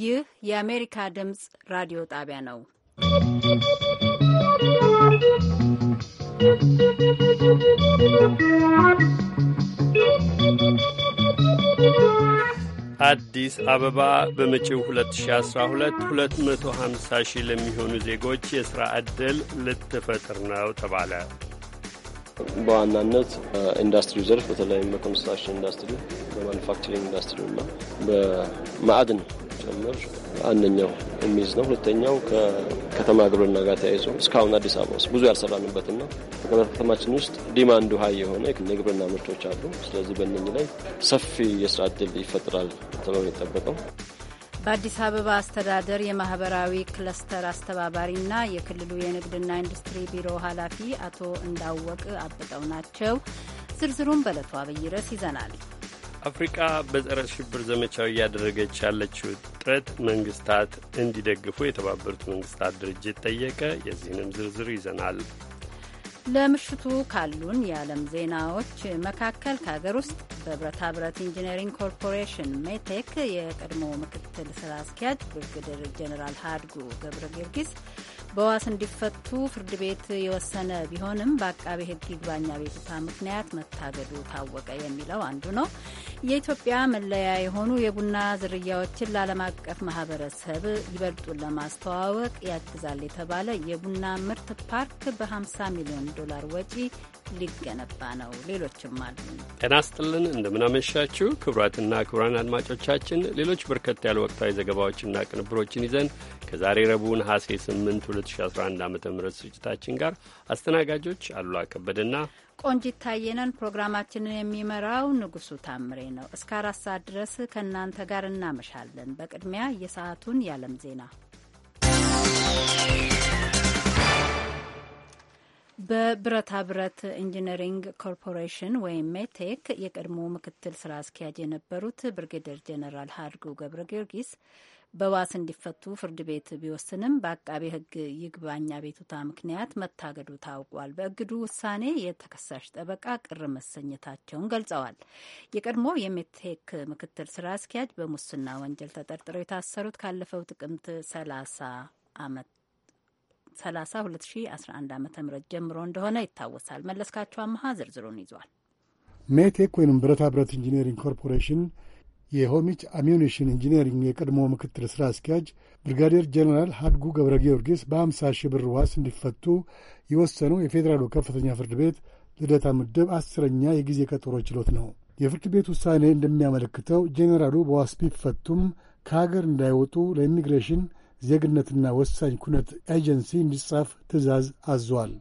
ይህ የአሜሪካ ድምፅ ራዲዮ ጣቢያ ነው። አዲስ አበባ በመጪው 2012 250 ሺህ ለሚሆኑ ዜጎች የሥራ ዕድል ልትፈጥር ነው ተባለ። በዋናነት ኢንዱስትሪ ዘርፍ በተለይም በኮንስትራክሽን ኢንዱስትሪ፣ በማኑፋክቸሪንግ ኢንዱስትሪ እና በማዕድን ጭምር አንደኛው የሚይዝ ነው። ሁለተኛው ከከተማ ግብርና ጋር ተያይዞ እስካሁን አዲስ አበባ ውስጥ ብዙ ያልሰራንበትና ከተማችን ውስጥ ዲማንዱ ሀይ የሆነ የግብርና ምርቶች አሉ። ስለዚህ በእነኚህ ላይ ሰፊ የስራ እድል ይፈጥራል ተብሎ የሚጠበቀው በአዲስ አበባ አስተዳደር የማህበራዊ ክለስተር አስተባባሪና የክልሉ የንግድና ኢንዱስትሪ ቢሮ ኃላፊ አቶ እንዳወቅ አብጠው ናቸው። ዝርዝሩን በዕለቱ አብይ ርዕስ ይዘናል። አፍሪቃ በጸረ ሽብር ዘመቻው እያደረገች ያለችው ጥረት መንግስታት እንዲደግፉ የተባበሩት መንግስታት ድርጅት ጠየቀ። የዚህንም ዝርዝር ይዘናል። ለምሽቱ ካሉን የዓለም ዜናዎች መካከል ከሀገር ውስጥ በብረታ ብረት ኢንጂነሪንግ ኮርፖሬሽን ሜቴክ የቀድሞ ምክትል ስራ አስኪያጅ ብርግድር ጀኔራል ሀድጉ ገብረ ጊዮርጊስ በዋስ እንዲፈቱ ፍርድ ቤት የወሰነ ቢሆንም በአቃቤ ሕግ ይግባኝ አቤቱታ ምክንያት መታገዱ ታወቀ የሚለው አንዱ ነው። የኢትዮጵያ መለያ የሆኑ የቡና ዝርያዎችን ለዓለም አቀፍ ማህበረሰብ ይበልጡን ለማስተዋወቅ ያግዛል የተባለ የቡና ምርት ፓርክ በ50 ሚሊዮን ዶላር ወጪ ሊገነባ ነው። ሌሎችም አሉ። ጤና ስጥልን እንደምናመሻችሁ ክቡራትና ክቡራን አድማጮቻችን ሌሎች በርከት ያሉ ወቅታዊ ዘገባዎችና ቅንብሮችን ይዘን ከዛሬ ረቡዕ ነሐሴ 8 2011 ዓ ም ስርጭታችን ጋር አስተናጋጆች አሉላ ከበደና ቆንጂት ታየነን። ፕሮግራማችንን የሚመራው ንጉሱ ታምሬ ነው። እስከ አራት ሰዓት ድረስ ከእናንተ ጋር እናመሻለን። በቅድሚያ የሰዓቱን የዓለም ዜና በብረታ ብረት ኢንጂነሪንግ ኮርፖሬሽን ወይም ሜቴክ የቀድሞ ምክትል ስራ አስኪያጅ የነበሩት ብርጌደር ጀነራል ሀድጉ ገብረ ጊዮርጊስ በዋስ እንዲፈቱ ፍርድ ቤት ቢወስንም በአቃቤ ሕግ ይግባኛ ቤቱታ ምክንያት መታገዱ ታውቋል። በእግዱ ውሳኔ የተከሳሽ ጠበቃ ቅር መሰኘታቸውን ገልጸዋል። የቀድሞ የሜቴክ ምክትል ስራ አስኪያጅ በሙስና ወንጀል ተጠርጥረው የታሰሩት ካለፈው ጥቅምት 30 አመት 30 2011 ዓ ም ጀምሮ እንደሆነ ይታወሳል። መለስካቸው አመሃ ዝርዝሩን ይዟል። ሜቴክ ወይም ብረታ ብረት ኢንጂነሪንግ ኮርፖሬሽን የሆሚች አሚኒሽን ኢንጂነሪንግ የቀድሞ ምክትል ሥራ አስኪያጅ ብሪጋዴር ጀነራል ሀድጉ ገብረ ጊዮርጊስ በ50 ሺህ ብር ዋስ እንዲፈቱ የወሰኑ የፌዴራሉ ከፍተኛ ፍርድ ቤት ልደታ ምድብ አስረኛ የጊዜ ቀጠሮ ችሎት ነው። የፍርድ ቤት ውሳኔ እንደሚያመለክተው ጄኔራሉ በዋስ ቢፈቱም ከሀገር እንዳይወጡ ለኢሚግሬሽን ዜግነትና ወሳኝ ኩነት ኤጀንሲ እንዲጻፍ ትእዛዝ አዟል።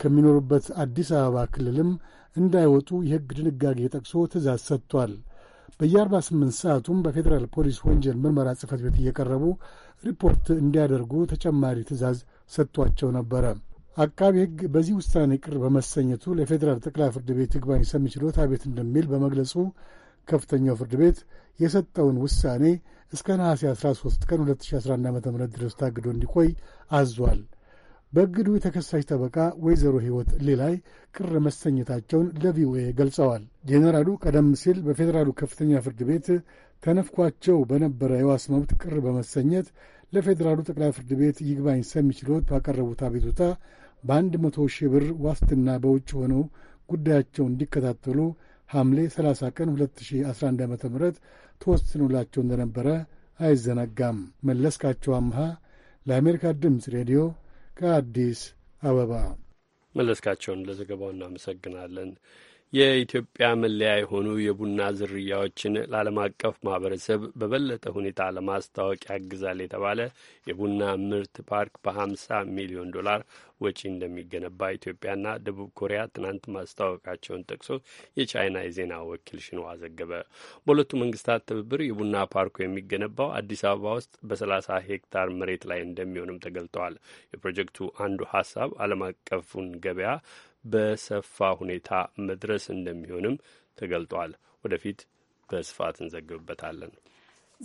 ከሚኖሩበት አዲስ አበባ ክልልም እንዳይወጡ የሕግ ድንጋጌ ጠቅሶ ትእዛዝ ሰጥቷል። በየ48 ሰዓቱም በፌዴራል ፖሊስ ወንጀል ምርመራ ጽፈት ቤት እየቀረቡ ሪፖርት እንዲያደርጉ ተጨማሪ ትእዛዝ ሰጥቷቸው ነበረ። አቃቢ ሕግ በዚህ ውሳኔ ቅር በመሰኘቱ ለፌዴራል ጠቅላይ ፍርድ ቤት ይግባኝ ሰሚ ችሎት አቤት እንደሚል በመግለጹ ከፍተኛው ፍርድ ቤት የሰጠውን ውሳኔ እስከ ነሐሴ 13 ቀን 2011 ዓ ም ድረስ ታግዶ እንዲቆይ አዟል። በእግዱ የተከሳሽ ጠበቃ ወይዘሮ ሕይወት ሌላይ ቅር መሰኘታቸውን ለቪኦኤ ገልጸዋል። ጄኔራሉ ቀደም ሲል በፌዴራሉ ከፍተኛ ፍርድ ቤት ተነፍኳቸው በነበረ የዋስ መብት ቅር በመሰኘት ለፌዴራሉ ጠቅላይ ፍርድ ቤት ይግባኝ ሰሚ ችሎት ባቀረቡት አቤቱታ በአንድ መቶ ሺህ ብር ዋስትና በውጭ ሆነው ጉዳያቸውን እንዲከታተሉ ሐምሌ 30 ቀን 2011 ዓ ም ተወስኖላቸው እንደነበረ አይዘነጋም። መለስካቸው አምሃ ለአሜሪካ ድምፅ ሬዲዮ ከአዲስ አበባ መለስካቸውን ለዘገባው እናመሰግናለን። የኢትዮጵያ መለያ የሆኑ የቡና ዝርያዎችን ለዓለም አቀፍ ማህበረሰብ በበለጠ ሁኔታ ለማስታወቅ ያግዛል የተባለ የቡና ምርት ፓርክ በ50 ሚሊዮን ዶላር ወጪ እንደሚገነባ ኢትዮጵያና ደቡብ ኮሪያ ትናንት ማስታወቃቸውን ጠቅሶ የቻይና የዜና ወኪል ሽንዋ ዘገበ። በሁለቱ መንግስታት ትብብር የቡና ፓርኩ የሚገነባው አዲስ አበባ ውስጥ በ30 ሄክታር መሬት ላይ እንደሚሆንም ተገልጠዋል። የፕሮጀክቱ አንዱ ሀሳብ ዓለም አቀፉን ገበያ በሰፋ ሁኔታ መድረስ እንደሚሆንም ተገልጧል። ወደፊት በስፋት እንዘግብበታለን።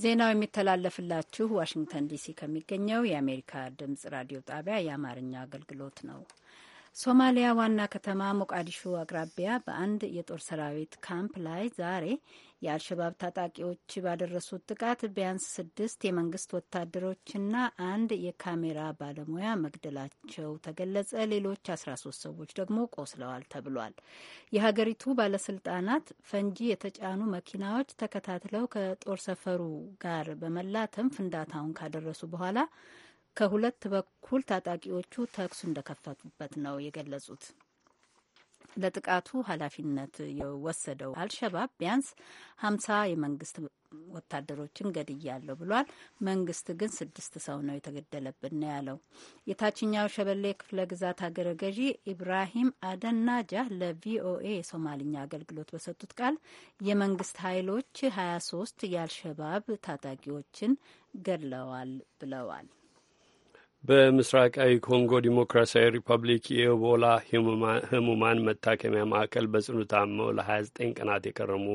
ዜናው የሚተላለፍላችሁ ዋሽንግተን ዲሲ ከሚገኘው የአሜሪካ ድምጽ ራዲዮ ጣቢያ የአማርኛ አገልግሎት ነው። ሶማሊያ ዋና ከተማ ሞቃዲሾ አቅራቢያ በአንድ የጦር ሰራዊት ካምፕ ላይ ዛሬ የአልሸባብ ታጣቂዎች ባደረሱት ጥቃት ቢያንስ ስድስት የመንግስት ወታደሮችና አንድ የካሜራ ባለሙያ መግደላቸው ተገለጸ። ሌሎች አስራ ሶስት ሰዎች ደግሞ ቆስለዋል ተብሏል። የሀገሪቱ ባለስልጣናት ፈንጂ የተጫኑ መኪናዎች ተከታትለው ከጦር ሰፈሩ ጋር በመላተም ፍንዳታውን ካደረሱ በኋላ ከሁለት በኩል ታጣቂዎቹ ተኩስ እንደከፈቱበት ነው የገለጹት። ለጥቃቱ ኃላፊነት የወሰደው አልሸባብ ቢያንስ ሀምሳ የመንግስት ወታደሮችን ገድያለሁ ብሏል። መንግስት ግን ስድስት ሰው ነው የተገደለብን ነው ያለው። የታችኛው ሸበሌ ክፍለ ግዛት ሀገረ ገዢ ኢብራሂም አደን ለቪኦኤ የሶማልኛ አገልግሎት በሰጡት ቃል የመንግስት ኃይሎች ሀያ ሶስት የአልሸባብ ታጣቂዎችን ገድለዋል ብለዋል። በምስራቃዊ ኮንጎ ዲሞክራሲያዊ ሪፐብሊክ የኢቦላ ህሙማን መታከሚያ ማዕከል በጽኑ ታመው ለ29 ቀናት የከረሙ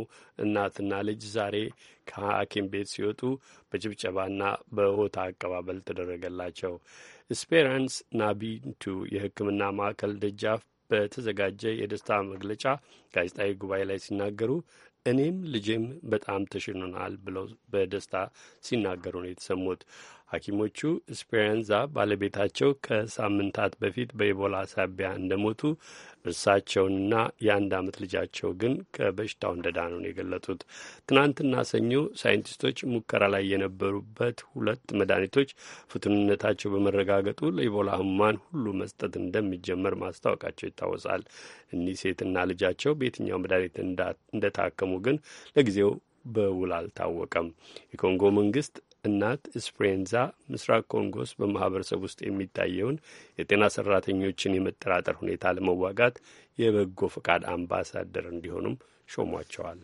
እናትና ልጅ ዛሬ ከሐኪም ቤት ሲወጡ በጭብጨባና በሆታ አቀባበል ተደረገላቸው። ስፔራንስ ናቢንቱ የህክምና ማዕከል ደጃፍ በተዘጋጀ የደስታ መግለጫ ጋዜጣዊ ጉባኤ ላይ ሲናገሩ እኔም ልጄም በጣም ተሽኖናል ብለው በደስታ ሲናገሩ ነው የተሰሙት። ሐኪሞቹ ስፔራንዛ ባለቤታቸው ከሳምንታት በፊት በኢቦላ ሳቢያ እንደሞቱ እርሳቸውንና የአንድ ዓመት ልጃቸው ግን ከበሽታው እንደዳኑ ነው የገለጡት። ትናንትና ሰኞ ሳይንቲስቶች ሙከራ ላይ የነበሩበት ሁለት መድኃኒቶች ፍቱንነታቸው በመረጋገጡ ለኢቦላ ሕሙማን ሁሉ መስጠት እንደሚጀመር ማስታወቃቸው ይታወሳል። እኒህ ሴትና ልጃቸው በየትኛው መድኃኒት እንደታከሙ ግን ለጊዜው በውል አልታወቀም። የኮንጎ መንግስት እናት ስፕሬንዛ ምስራቅ ኮንጎስ በማህበረሰብ ውስጥ የሚታየውን የጤና ሰራተኞችን የመጠራጠር ሁኔታ ለመዋጋት የበጎ ፈቃድ አምባሳደር እንዲሆኑም ሾሟቸዋል።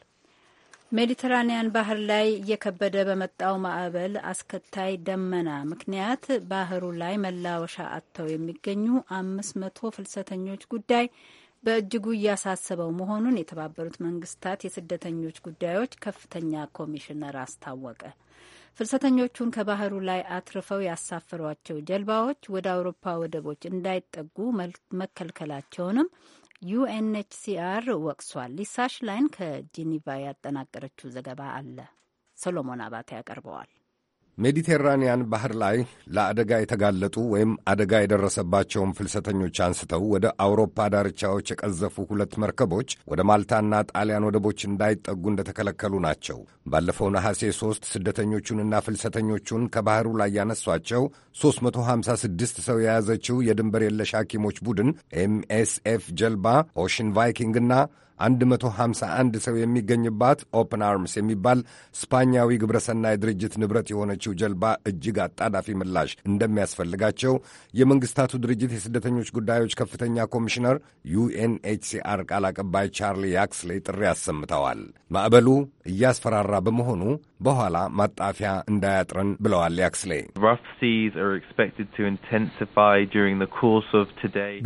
ሜዲተራኒያን ባህር ላይ እየከበደ በመጣው ማዕበል አስከታይ ደመና ምክንያት ባህሩ ላይ መላወሻ አጥተው የሚገኙ አምስት መቶ ፍልሰተኞች ጉዳይ በእጅጉ እያሳሰበው መሆኑን የተባበሩት መንግስታት የስደተኞች ጉዳዮች ከፍተኛ ኮሚሽነር አስታወቀ። ፍልሰተኞቹን ከባህሩ ላይ አትርፈው ያሳፈሯቸው ጀልባዎች ወደ አውሮፓ ወደቦች እንዳይጠጉ መከልከላቸውንም ዩኤንኤችሲአር ወቅሷል። ሊሳሽ ላይን ከጄኒቫ ያጠናቀረችው ዘገባ አለ። ሰሎሞን አባተ ያቀርበዋል። ሜዲቴራንያን ባህር ላይ ለአደጋ የተጋለጡ ወይም አደጋ የደረሰባቸውን ፍልሰተኞች አንስተው ወደ አውሮፓ ዳርቻዎች የቀዘፉ ሁለት መርከቦች ወደ ማልታና ጣሊያን ወደቦች እንዳይጠጉ እንደተከለከሉ ናቸው። ባለፈው ነሐሴ ሦስት ስደተኞቹንና ፍልሰተኞቹን ከባህሩ ላይ ያነሷቸው 356 ሰው የያዘችው የድንበር የለሽ ሐኪሞች ቡድን ኤምኤስኤፍ ጀልባ ኦሽን ቫይኪንግና 151 ሰው የሚገኝባት ኦፕን አርምስ የሚባል ስፓኛዊ ግብረሰናይ ድርጅት ንብረት የሆነችው ጀልባ እጅግ አጣዳፊ ምላሽ እንደሚያስፈልጋቸው የመንግስታቱ ድርጅት የስደተኞች ጉዳዮች ከፍተኛ ኮሚሽነር ዩኤንኤችሲአር ቃል አቀባይ ቻርሊ ያክስሌ ጥሪ አሰምተዋል። ማዕበሉ እያስፈራራ በመሆኑ በኋላ ማጣፊያ እንዳያጥረን ብለዋል ያክስሌ።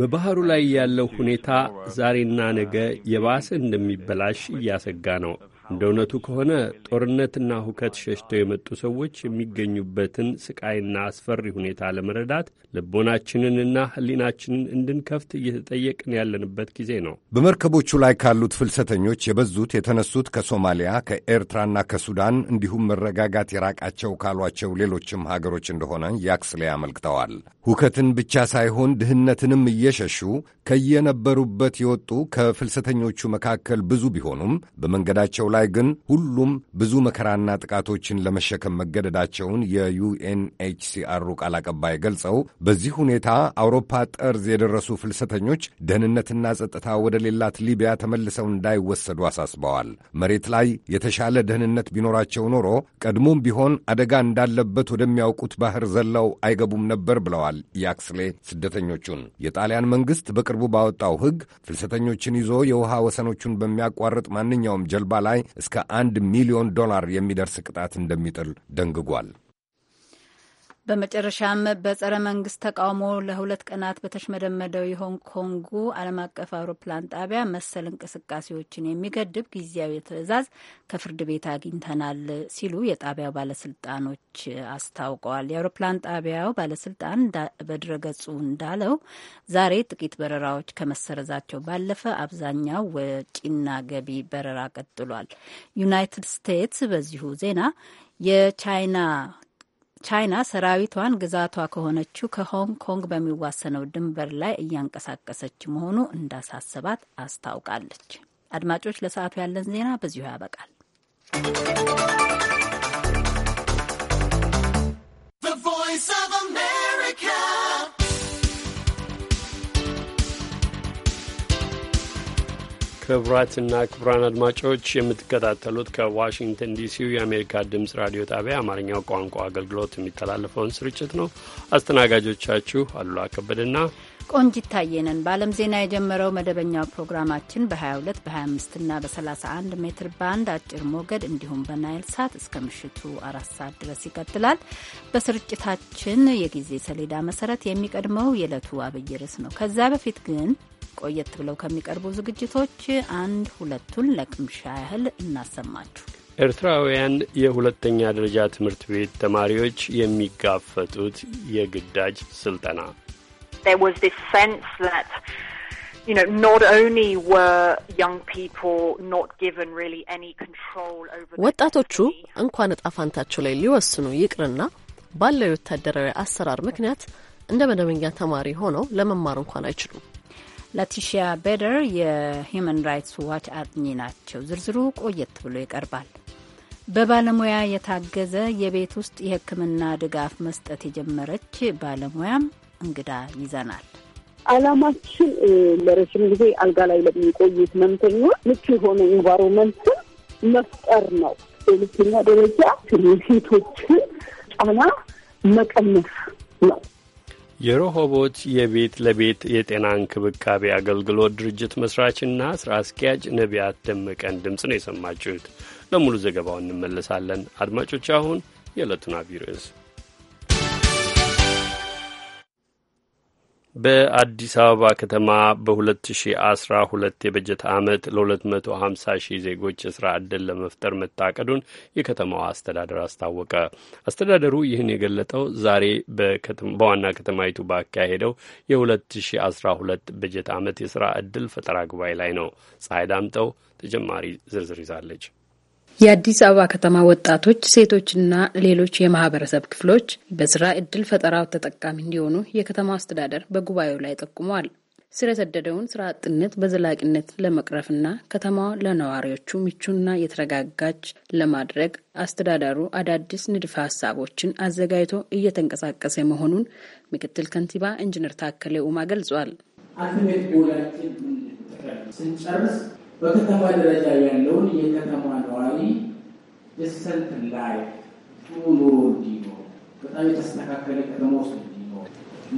በባህሩ ላይ ያለው ሁኔታ ዛሬና ነገ የባ ራስህ እንደሚበላሽ እያሰጋ ነው። እንደ እውነቱ ከሆነ ጦርነትና ሁከት ሸሽተው የመጡ ሰዎች የሚገኙበትን ስቃይና አስፈሪ ሁኔታ ለመረዳት ልቦናችንንና ሕሊናችንን እንድንከፍት እየተጠየቅን ያለንበት ጊዜ ነው። በመርከቦቹ ላይ ካሉት ፍልሰተኞች የበዙት የተነሱት ከሶማሊያ ከኤርትራና ከሱዳን እንዲሁም መረጋጋት የራቃቸው ካሏቸው ሌሎችም ሀገሮች እንደሆነ ያክስሌ አመልክተዋል። ሁከትን ብቻ ሳይሆን ድህነትንም እየሸሹ ከየነበሩበት የወጡ ከፍልሰተኞቹ መካከል ብዙ ቢሆኑም በመንገዳቸው ላይ ላይ ግን ሁሉም ብዙ መከራና ጥቃቶችን ለመሸከም መገደዳቸውን የዩኤንኤችሲአሩ ቃል አቀባይ ገልጸው በዚህ ሁኔታ አውሮፓ ጠርዝ የደረሱ ፍልሰተኞች ደህንነትና ጸጥታ ሌላት ሊቢያ ተመልሰው እንዳይወሰዱ አሳስበዋል። መሬት ላይ የተሻለ ደህንነት ቢኖራቸው ኖሮ ቀድሞም ቢሆን አደጋ እንዳለበት ወደሚያውቁት ባህር ዘለው አይገቡም ነበር ብለዋል። ያክስሌ ስደተኞቹን የጣሊያን መንግሥት በቅርቡ ባወጣው ሕግ ፍልሰተኞችን ይዞ የውሃ ወሰኖቹን በሚያቋርጥ ማንኛውም ጀልባ ላይ ላይ እስከ አንድ ሚሊዮን ዶላር የሚደርስ ቅጣት እንደሚጥል ደንግጓል። በመጨረሻም በጸረ መንግስት ተቃውሞ ለሁለት ቀናት በተሽመደመደው የሆንግ ኮንጉ ዓለም አቀፍ አውሮፕላን ጣቢያ መሰል እንቅስቃሴዎችን የሚገድብ ጊዜያዊ ትዕዛዝ ከፍርድ ቤት አግኝተናል ሲሉ የጣቢያው ባለስልጣኖች አስታውቀዋል። የአውሮፕላን ጣቢያው ባለስልጣን በድረገጹ እንዳለው ዛሬ ጥቂት በረራዎች ከመሰረዛቸው ባለፈ አብዛኛው ወጪና ገቢ በረራ ቀጥሏል። ዩናይትድ ስቴትስ በዚሁ ዜና የቻይና ቻይና ሰራዊቷን ግዛቷ ከሆነችው ከሆንግ ኮንግ በሚዋሰነው ድንበር ላይ እያንቀሳቀሰች መሆኑ እንዳሳሰባት አስታውቃለች። አድማጮች፣ ለሰዓቱ ያለን ዜና በዚሁ ያበቃል። ቮይስ ኦፍ አሜሪካ ክቡራትና ክቡራን አድማጮች የምትከታተሉት ከዋሽንግተን ዲሲው የአሜሪካ ድምፅ ራዲዮ ጣቢያ አማርኛው ቋንቋ አገልግሎት የሚተላለፈውን ስርጭት ነው። አስተናጋጆቻችሁ አሉላ ከበደና ቆንጂት ታየ በዓለም ዜና የጀመረው መደበኛው ፕሮግራማችን በ22 በ25ና በ31 ሜትር ባንድ አጭር ሞገድ እንዲሁም በናይል ሳት እስከ ምሽቱ አራት ሰዓት ድረስ ይቀጥላል። በስርጭታችን የጊዜ ሰሌዳ መሰረት የሚቀድመው የዕለቱ አብይ ርዕስ ነው። ከዛ በፊት ግን ቆየት ብለው ከሚቀርቡ ዝግጅቶች አንድ ሁለቱን ለቅምሻ ያህል እናሰማችሁ። ኤርትራውያን የሁለተኛ ደረጃ ትምህርት ቤት ተማሪዎች የሚጋፈጡት የግዳጅ ስልጠና ወጣቶቹ እንኳን እጣ ፋንታቸው ላይ ሊወስኑ ይቅርና ባለው የወታደራዊ አሰራር ምክንያት እንደ መደበኛ ተማሪ ሆነው ለመማር እንኳን አይችሉም። ላቲሺያ ቤደር የሂዩማን ራይትስ ዋች አጥኚ ናቸው። ዝርዝሩ ቆየት ብሎ ይቀርባል። በባለሙያ የታገዘ የቤት ውስጥ የሕክምና ድጋፍ መስጠት የጀመረች ባለሙያም እንግዳ ይዘናል። አላማችን ለረጅም ጊዜ አልጋ ላይ ለሚቆዩት ህመምተኞች ምቹ የሆነ ኢንቫይሮንመንትን መፍጠር ነው። በሁለተኛ ደረጃ የሴቶችን ጫና መቀነስ ነው። የሮሆቦት የቤት ለቤት የጤና እንክብካቤ አገልግሎት ድርጅት መስራችና ስራ አስኪያጅ ነቢያት ደመቀን ድምፅ ነው የሰማችሁት። ለሙሉ ዘገባው እንመለሳለን። አድማጮች፣ አሁን የዕለቱን አቢይ ርዕስ በአዲስ አበባ ከተማ በ2012 የበጀት ዓመት ለ250 ሺህ ዜጎች የሥራ ዕድል ለመፍጠር መታቀዱን የከተማዋ አስተዳደር አስታወቀ። አስተዳደሩ ይህን የገለጠው ዛሬ በዋና ከተማይቱ ባካሄደው የ2012 በጀት ዓመት የሥራ ዕድል ፈጠራ ጉባኤ ላይ ነው። ፀሐይ ዳምጠው ተጨማሪ ዝርዝር ይዛለች። የአዲስ አበባ ከተማ ወጣቶች፣ ሴቶችና ሌሎች የማህበረሰብ ክፍሎች በስራ እድል ፈጠራው ተጠቃሚ እንዲሆኑ የከተማው አስተዳደር በጉባኤው ላይ ጠቁመዋል። ስር የሰደደውን ስራ አጥነት በዘላቂነት ለመቅረፍና ከተማዋ ለነዋሪዎቹ ምቹና የተረጋጋች ለማድረግ አስተዳደሩ አዳዲስ ንድፈ ሀሳቦችን አዘጋጅቶ እየተንቀሳቀሰ መሆኑን ምክትል ከንቲባ ኢንጂነር ታከሌ ኡማ ገልጿል። በከተማ ደረጃ ያለውን የከተማ ነዋሪ የሰልፍ ላይ ኑሮ እንዲኖር በጣም የተስተካከለ ከተማ ውስጥ እንዲኖር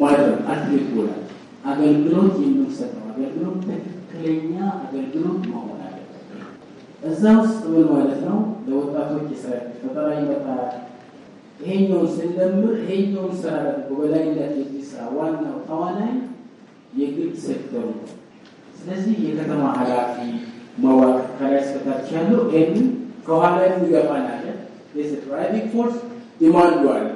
ማድረግ አትሌት ጎላል አገልግሎት የምንሰጠው አገልግሎት ትክክለኛ አገልግሎት መሆን አለ። እዛ ውስጥ ምን ማለት ነው? ለወጣቶች የስራ ፈጠራ ይመጣል። ይሄኛውን ስንለምር ይሄኛውን ስራ ደግሞ በላይነት የዚህ ዋናው ተዋናይ የግል ሴክተሩ ነው። ስለዚህ የከተማ ኃላፊ መዋቅር ከላይ እስከታች ያለው ይህንን ከኋላ የሚገፋን አለ ድራይቪንግ ፎርስ ዲማንዱ አለ።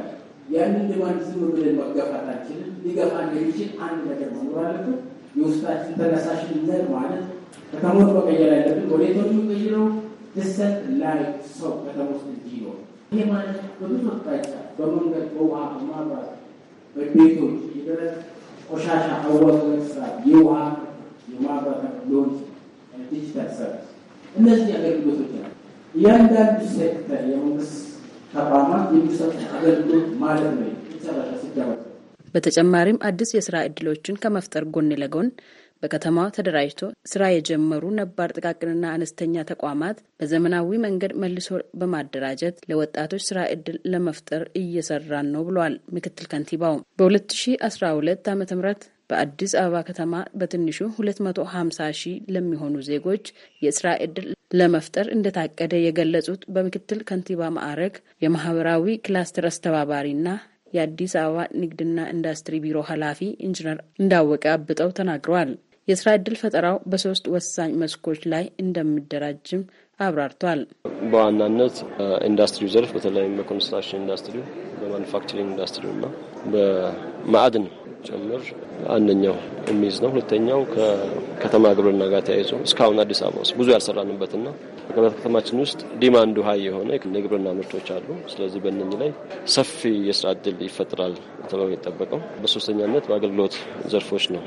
ያንን ዲማንድ ዝም ብለን መገፋታችንን ሊገፋ እንደሚችል አንድ ነገር መኖር አለበት። የውስጣችን ተነሳሽነት ማለት ከተሞች መቀየር ያለብን ወዴቶች የሚቀይረው ድሰት ላይ ሰው ከተማ ውስጥ ይኖር ይህ ማለት በብዙ አቅጣጫ በመንገድ፣ በውሃ፣ በማብራት፣ በቤቶች የደረቅ ቆሻሻ አዋዝ መስራት የውሃ የማብራት ሎጅ ዲጂታል ሰርቪስ እነዚህ አገልግሎቶች ናቸው። እያንዳንዱ ሴክተር የመንግስት ተቋማት የሚሰጡ አገልግሎት ማለት ነው። መጨረሻ ሲደረግ በተጨማሪም አዲስ የስራ እድሎችን ከመፍጠር ጎን ለጎን በከተማው ተደራጅቶ ስራ የጀመሩ ነባር ጥቃቅንና አነስተኛ ተቋማት በዘመናዊ መንገድ መልሶ በማደራጀት ለወጣቶች ስራ እድል ለመፍጠር እየሰራን ነው ብለዋል ምክትል ከንቲባው በ2012 ዓ ም በአዲስ አበባ ከተማ በትንሹ 250 ሺህ ለሚሆኑ ዜጎች የስራ ዕድል ለመፍጠር እንደታቀደ የገለጹት በምክትል ከንቲባ ማዕረግ የማህበራዊ ክላስተር አስተባባሪና የአዲስ አበባ ንግድና ኢንዱስትሪ ቢሮ ኃላፊ ኢንጂነር እንዳወቀ አብጠው ተናግረዋል። የስራ ዕድል ፈጠራው በሶስት ወሳኝ መስኮች ላይ እንደሚደራጅም አብራርቷል። በዋናነት ኢንዱስትሪው ዘርፍ በተለይም በኮንስትራክሽን ኢንዱስትሪው፣ በማኑፋክቸሪንግ ኢንዱስትሪው እና በማዕድን ጭምር አንደኛው የሚይዝ ነው። ሁለተኛው ከከተማ ግብርና ጋር ተያይዞ እስካሁን አዲስ አበባ ውስጥ ብዙ ያልሰራንበትና ገበያ ከተማችን ውስጥ ዲማንዱ ሀይ የሆነ የግብርና ምርቶች አሉ። ስለዚህ በእነኚህ ላይ ሰፊ የስራ እድል ይፈጥራል ተብሎ የሚጠበቀው። በሶስተኛነት በአገልግሎት ዘርፎች ነው።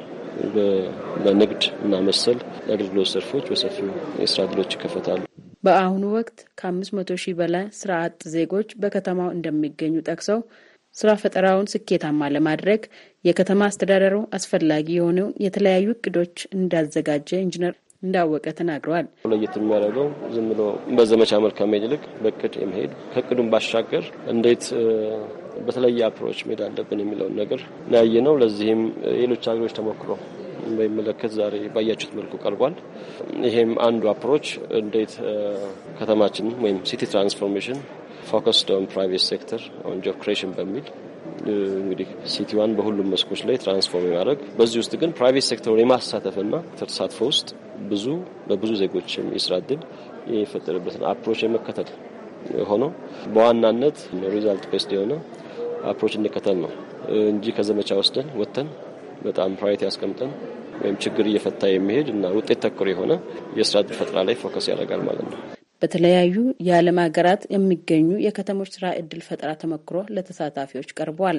በንግድ እና መሰል የአገልግሎት ዘርፎች በሰፊው የስራ እድሎች ይከፈታሉ። በአሁኑ ወቅት ከአምስት መቶ ሺህ በላይ ስራ አጥ ዜጎች በከተማው እንደሚገኙ ጠቅሰው ስራ ፈጠራውን ስኬታማ ለማድረግ የከተማ አስተዳደሩ አስፈላጊ የሆነው የተለያዩ እቅዶች እንዳዘጋጀ ኢንጂነር እንዳወቀ ተናግረዋል። ለየት የሚያደርገው ዝም ብሎ በዘመቻ መልክ ከመሄድ ይልቅ በእቅድ የመሄድ ከእቅዱን ባሻገር እንዴት በተለየ አፕሮች መሄድ አለብን የሚለውን ነገር ያየ ነው። ለዚህም ሌሎች ሀገሮች ተሞክሮ በሚመለከት ዛሬ ባያችሁት መልኩ ቀርቧል። ይሄም አንዱ አፕሮች እንዴት ከተማችን ወይም ሲቲ ትራንስፎርሜሽን ፎከስድ ኦን ፕራይቬት ሴክተር ኦን ጆብ ክሬሽን በሚል እንግዲህ ሲቲዋን በሁሉም መስኮች ላይ ትራንስፎርም የማድረግ በዚህ ውስጥ ግን ፕራይቬት ሴክተሩን የማሳተፍና ተሳትፎ ውስጥ ብዙ በብዙ ዜጎች የስራ እድል የፈጠረበትን አፕሮች የመከተል ሆኖ በዋናነት ሪዛልት ቤስድ የሆነ አፕሮች እንከተል ነው እንጂ ከዘመቻ ወስደን ወጥተን በጣም ፕራዮሪቲ ያስቀምጠን ወይም ችግር እየፈታ የሚሄድ እና ውጤት ተኮር የሆነ የስራ እድል ፈጠራ ላይ ፎከስ ያደርጋል ማለት ነው። በተለያዩ የዓለም ሀገራት የሚገኙ የከተሞች ስራ እድል ፈጠራ ተሞክሮ ለተሳታፊዎች ቀርቧል።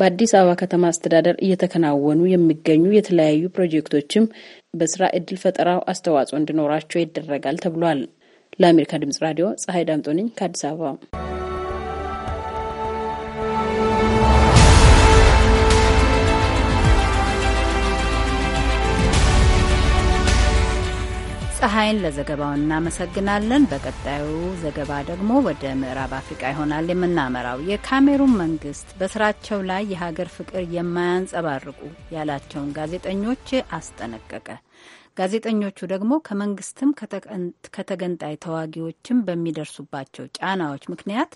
በአዲስ አበባ ከተማ አስተዳደር እየተከናወኑ የሚገኙ የተለያዩ ፕሮጀክቶችም በስራ እድል ፈጠራው አስተዋጽኦ እንዲኖራቸው ይደረጋል ተብሏል። ለአሜሪካ ድምጽ ራዲዮ ፀሐይ ዳምጦ ነኝ ከአዲስ አበባ ፀሐይን ለዘገባው እናመሰግናለን። በቀጣዩ ዘገባ ደግሞ ወደ ምዕራብ አፍሪቃ ይሆናል የምናመራው። የካሜሩን መንግስት በስራቸው ላይ የሀገር ፍቅር የማያንጸባርቁ ያላቸውን ጋዜጠኞች አስጠነቀቀ። ጋዜጠኞቹ ደግሞ ከመንግስትም ከተገንጣይ ተዋጊዎችም በሚደርሱባቸው ጫናዎች ምክንያት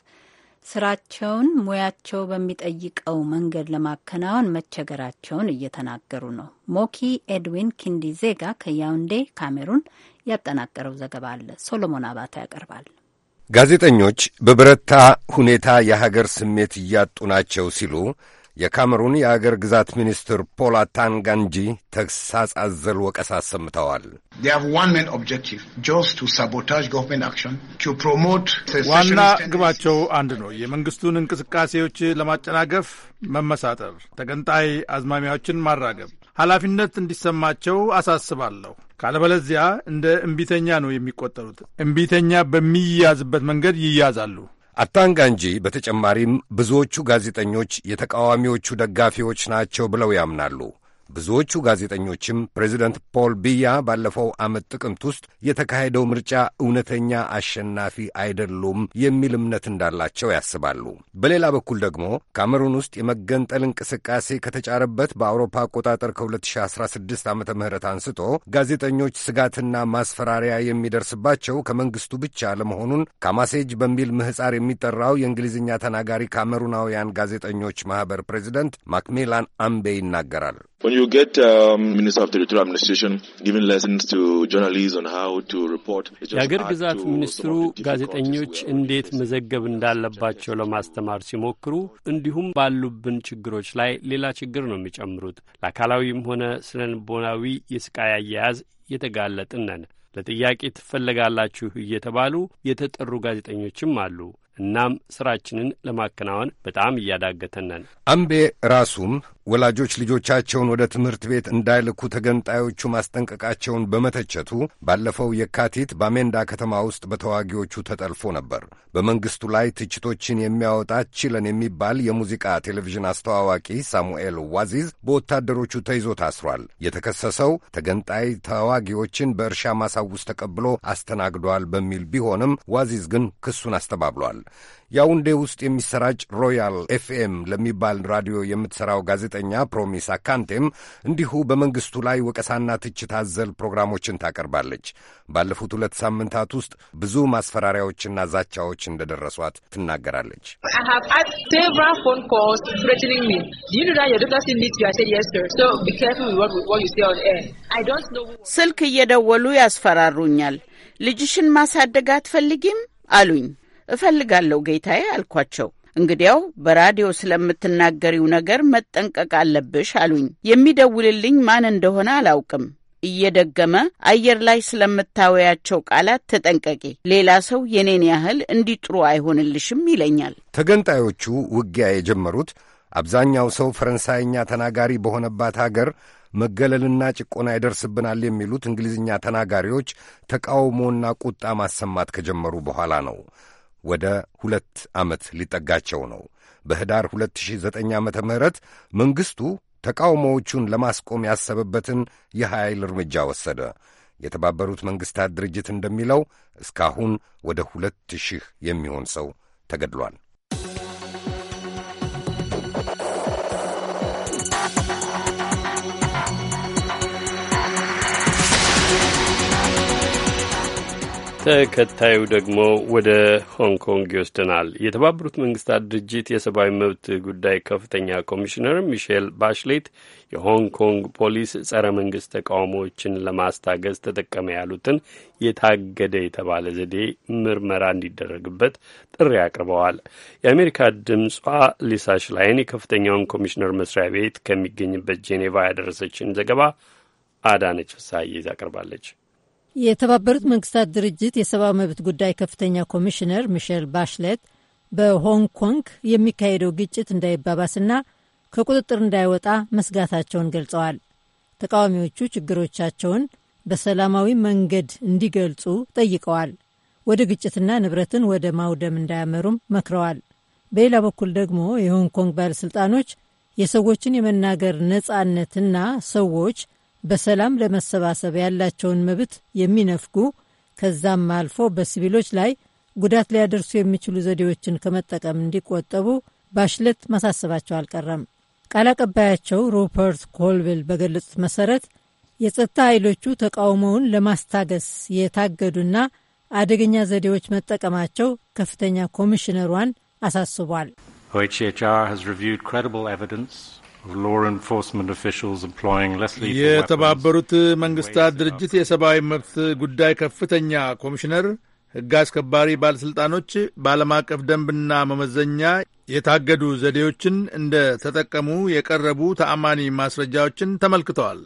ስራቸውን ሙያቸው በሚጠይቀው መንገድ ለማከናወን መቸገራቸውን እየተናገሩ ነው። ሞኪ ኤድዊን ኪንዲ ዜጋ ከያውንዴ ካሜሩን ያጠናቀረው ዘገባ አለ። ሶሎሞን አባታ ያቀርባል። ጋዜጠኞች በበረታ ሁኔታ የሀገር ስሜት እያጡ ናቸው ሲሉ የካሜሩን የአገር ግዛት ሚኒስትር ፖላ ታንጋንጂ ተግሳጽ አዘል ወቀሳ አሰምተዋል። ዋና ግባቸው አንድ ነው፣ የመንግስቱን እንቅስቃሴዎች ለማጨናገፍ መመሳጠር፣ ተገንጣይ አዝማሚያዎችን ማራገብ ኃላፊነት እንዲሰማቸው አሳስባለሁ። ካለበለዚያ እንደ እምቢተኛ ነው የሚቆጠሩት። እምቢተኛ በሚያዝበት መንገድ ይያዛሉ። አታንጋንጂ በተጨማሪም ብዙዎቹ ጋዜጠኞች የተቃዋሚዎቹ ደጋፊዎች ናቸው ብለው ያምናሉ። ብዙዎቹ ጋዜጠኞችም ፕሬዚደንት ፖል ቢያ ባለፈው ዓመት ጥቅምት ውስጥ የተካሄደው ምርጫ እውነተኛ አሸናፊ አይደሉም የሚል እምነት እንዳላቸው ያስባሉ። በሌላ በኩል ደግሞ ካሜሩን ውስጥ የመገንጠል እንቅስቃሴ ከተጫረበት በአውሮፓ አቆጣጠር ከ2016 ዓ ም አንስቶ ጋዜጠኞች ስጋትና ማስፈራሪያ የሚደርስባቸው ከመንግስቱ ብቻ ለመሆኑን ካማሴጅ በሚል ምህፃር የሚጠራው የእንግሊዝኛ ተናጋሪ ካሜሩናውያን ጋዜጠኞች ማኅበር ፕሬዚደንት ማክሜላን አምቤ ይናገራል። When you get um, Minister of Territorial Administration giving lessons to journalists on how to report, የአገር ግዛት ሚኒስትሩ ጋዜጠኞች እንዴት መዘገብ እንዳለባቸው ለማስተማር ሲሞክሩ እንዲሁም ባሉብን ችግሮች ላይ ሌላ ችግር ነው የሚጨምሩት። ለአካላዊም ሆነ ስነ የስቃይ አያያዝ ነን። ለጥያቄ ትፈለጋላችሁ እየተባሉ የተጠሩ ጋዜጠኞችም አሉ። እናም ስራችንን ለማከናወን በጣም እያዳገተን አምቤ ራሱም ወላጆች ልጆቻቸውን ወደ ትምህርት ቤት እንዳይልኩ ተገንጣዮቹ ማስጠንቀቃቸውን በመተቸቱ ባለፈው የካቲት ባሜንዳ ከተማ ውስጥ በተዋጊዎቹ ተጠልፎ ነበር። በመንግሥቱ ላይ ትችቶችን የሚያወጣ ችለን የሚባል የሙዚቃ ቴሌቪዥን አስተዋዋቂ ሳሙኤል ዋዚዝ በወታደሮቹ ተይዞ ታስሯል። የተከሰሰው ተገንጣይ ተዋጊዎችን በእርሻ ማሳው ውስጥ ተቀብሎ አስተናግዷል በሚል ቢሆንም ዋዚዝ ግን ክሱን አስተባብሏል። ያውንዴ ውስጥ የሚሰራጭ ሮያል ኤፍኤም ለሚባል ራዲዮ የምትሠራው ጋዜጠ ጋዜጠኛ ፕሮሚስ አካንቴም እንዲሁ በመንግስቱ ላይ ወቀሳና ትችት አዘል ፕሮግራሞችን ታቀርባለች። ባለፉት ሁለት ሳምንታት ውስጥ ብዙ ማስፈራሪያዎችና ዛቻዎች እንደደረሷት ትናገራለች። ስልክ እየደወሉ ያስፈራሩኛል። ልጅሽን ማሳደግ አትፈልጊም አሉኝ። እፈልጋለሁ ጌታዬ አልኳቸው። እንግዲያው በራዲዮ ስለምትናገሪው ነገር መጠንቀቅ አለብሽ አሉኝ። የሚደውልልኝ ማን እንደሆነ አላውቅም። እየደገመ አየር ላይ ስለምታወያቸው ቃላት ተጠንቀቂ፣ ሌላ ሰው የኔን ያህል እንዲጥሩ አይሆንልሽም ይለኛል። ተገንጣዮቹ ውጊያ የጀመሩት አብዛኛው ሰው ፈረንሳይኛ ተናጋሪ በሆነባት አገር መገለልና ጭቆና ይደርስብናል የሚሉት እንግሊዝኛ ተናጋሪዎች ተቃውሞና ቁጣ ማሰማት ከጀመሩ በኋላ ነው። ወደ ሁለት ዓመት ሊጠጋቸው ነው። በኅዳር 2009 ዓ ም መንግሥቱ ተቃውሞዎቹን ለማስቆም ያሰበበትን የኃይል እርምጃ ወሰደ። የተባበሩት መንግሥታት ድርጅት እንደሚለው እስካሁን ወደ ሁለት ሺህ የሚሆን ሰው ተገድሏል። ተከታዩ ደግሞ ወደ ሆንግ ኮንግ ይወስደናል። የተባበሩት መንግስታት ድርጅት የሰብአዊ መብት ጉዳይ ከፍተኛ ኮሚሽነር ሚሼል ባሽሌት የሆንግ ኮንግ ፖሊስ ጸረ መንግስት ተቃውሞዎችን ለማስታገዝ ተጠቀመ ያሉትን የታገደ የተባለ ዘዴ ምርመራ እንዲደረግበት ጥሪ አቅርበዋል። የአሜሪካ ድምጿ ሊሳ ሽላይን የከፍተኛውን ኮሚሽነር መስሪያ ቤት ከሚገኝበት ጄኔቫ ያደረሰችን ዘገባ አዳነች ሳ ይዛ ቀርባለች። የተባበሩት መንግስታት ድርጅት የሰብአዊ መብት ጉዳይ ከፍተኛ ኮሚሽነር ሚሼል ባሽሌት በሆንግ ኮንግ የሚካሄደው ግጭት እንዳይባባስና ከቁጥጥር እንዳይወጣ መስጋታቸውን ገልጸዋል። ተቃዋሚዎቹ ችግሮቻቸውን በሰላማዊ መንገድ እንዲገልጹ ጠይቀዋል። ወደ ግጭትና ንብረትን ወደ ማውደም እንዳያመሩም መክረዋል። በሌላ በኩል ደግሞ የሆንግ ኮንግ ባለሥልጣኖች የሰዎችን የመናገር ነጻነትና ሰዎች በሰላም ለመሰባሰብ ያላቸውን መብት የሚነፍጉ ከዛም አልፎ በሲቪሎች ላይ ጉዳት ሊያደርሱ የሚችሉ ዘዴዎችን ከመጠቀም እንዲቆጠቡ ባሽለት ማሳሰባቸው አልቀረም። ቃል አቀባያቸው ሩፐርት ኮልቪል በገለጹት መሰረት የጸጥታ ኃይሎቹ ተቃውሞውን ለማስታገስ የታገዱና አደገኛ ዘዴዎች መጠቀማቸው ከፍተኛ ኮሚሽነሯን አሳስቧል። ኦኤችሲኤችአር has የተባበሩት መንግስታት ድርጅት የሰብአዊ መብት ጉዳይ ከፍተኛ ኮሚሽነር ሕግ አስከባሪ ባለሥልጣኖች በዓለም አቀፍ ደንብና መመዘኛ የታገዱ ዘዴዎችን እንደ ተጠቀሙ የቀረቡ ተአማኒ ማስረጃዎችን ተመልክተዋል።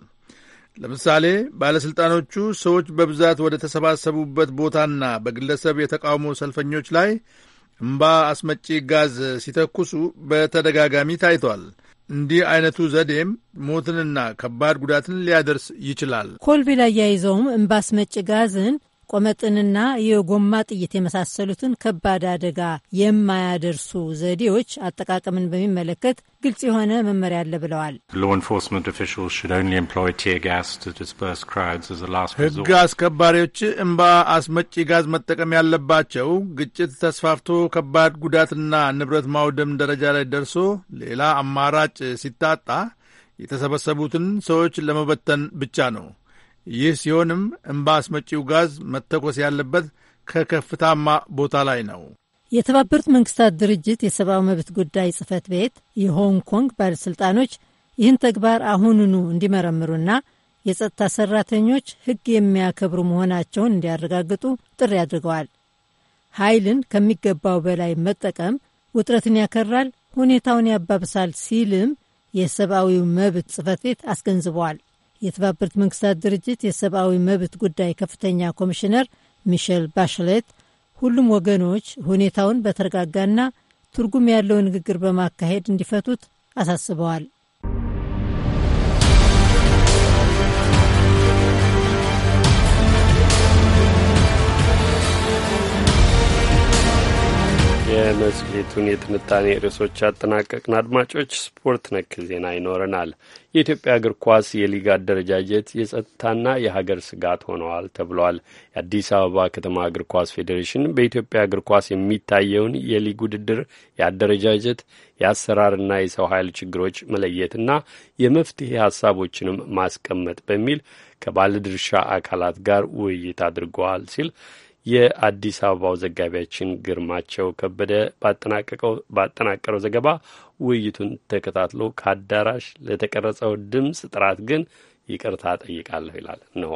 ለምሳሌ ባለሥልጣኖቹ ሰዎች በብዛት ወደ ተሰባሰቡበት ቦታና በግለሰብ የተቃውሞ ሰልፈኞች ላይ እምባ አስመጪ ጋዝ ሲተኩሱ በተደጋጋሚ ታይቷል። እንዲህ አይነቱ ዘዴም ሞትንና ከባድ ጉዳትን ሊያደርስ ይችላል። ኮልቪል አያይዘውም እምባስ መጭ ጋዝን ቆመጥንና የጎማ ጥይት የመሳሰሉትን ከባድ አደጋ የማያደርሱ ዘዴዎች አጠቃቀምን በሚመለከት ግልጽ የሆነ መመሪያ አለ ብለዋል። ሕግ አስከባሪዎች እምባ አስመጪ ጋዝ መጠቀም ያለባቸው ግጭት ተስፋፍቶ ከባድ ጉዳትና ንብረት ማውደም ደረጃ ላይ ደርሶ ሌላ አማራጭ ሲታጣ የተሰበሰቡትን ሰዎች ለመበተን ብቻ ነው። ይህ ሲሆንም እምባ አስመጪው ጋዝ መተኮስ ያለበት ከከፍታማ ቦታ ላይ ነው። የተባበሩት መንግስታት ድርጅት የሰብአዊ መብት ጉዳይ ጽህፈት ቤት የሆንግ ኮንግ ባለሥልጣኖች ይህን ተግባር አሁኑኑ እንዲመረምሩና የጸጥታ ሰራተኞች ሕግ የሚያከብሩ መሆናቸውን እንዲያረጋግጡ ጥሪ አድርገዋል። ኃይልን ከሚገባው በላይ መጠቀም ውጥረትን ያከራል፣ ሁኔታውን ያባብሳል ሲልም የሰብአዊ መብት ጽህፈት ቤት አስገንዝበዋል። የተባበሩት መንግስታት ድርጅት የሰብአዊ መብት ጉዳይ ከፍተኛ ኮሚሽነር ሚሸል ባሽሌት ሁሉም ወገኖች ሁኔታውን በተረጋጋና ትርጉም ያለው ንግግር በማካሄድ እንዲፈቱት አሳስበዋል። የመጽሔቱን የትንታኔ ርዕሶች ያጠናቀቅን አድማጮች፣ ስፖርት ነክ ዜና ይኖረናል። የኢትዮጵያ እግር ኳስ የሊግ አደረጃጀት የጸጥታና የሀገር ስጋት ሆነዋል ተብሏል። የአዲስ አበባ ከተማ እግር ኳስ ፌዴሬሽን በኢትዮጵያ እግር ኳስ የሚታየውን የሊግ ውድድር የአደረጃጀት የአሰራርና የሰው ኃይል ችግሮች መለየትና የመፍትሄ ሀሳቦችንም ማስቀመጥ በሚል ከባለድርሻ አካላት ጋር ውይይት አድርገዋል ሲል የአዲስ አበባው ዘጋቢያችን ግርማቸው ከበደ ባጠናቀረው ዘገባ ውይይቱን ተከታትሎ ከአዳራሽ ለተቀረጸው ድምፅ ጥራት ግን ይቅርታ ጠይቃለሁ ይላል ነው።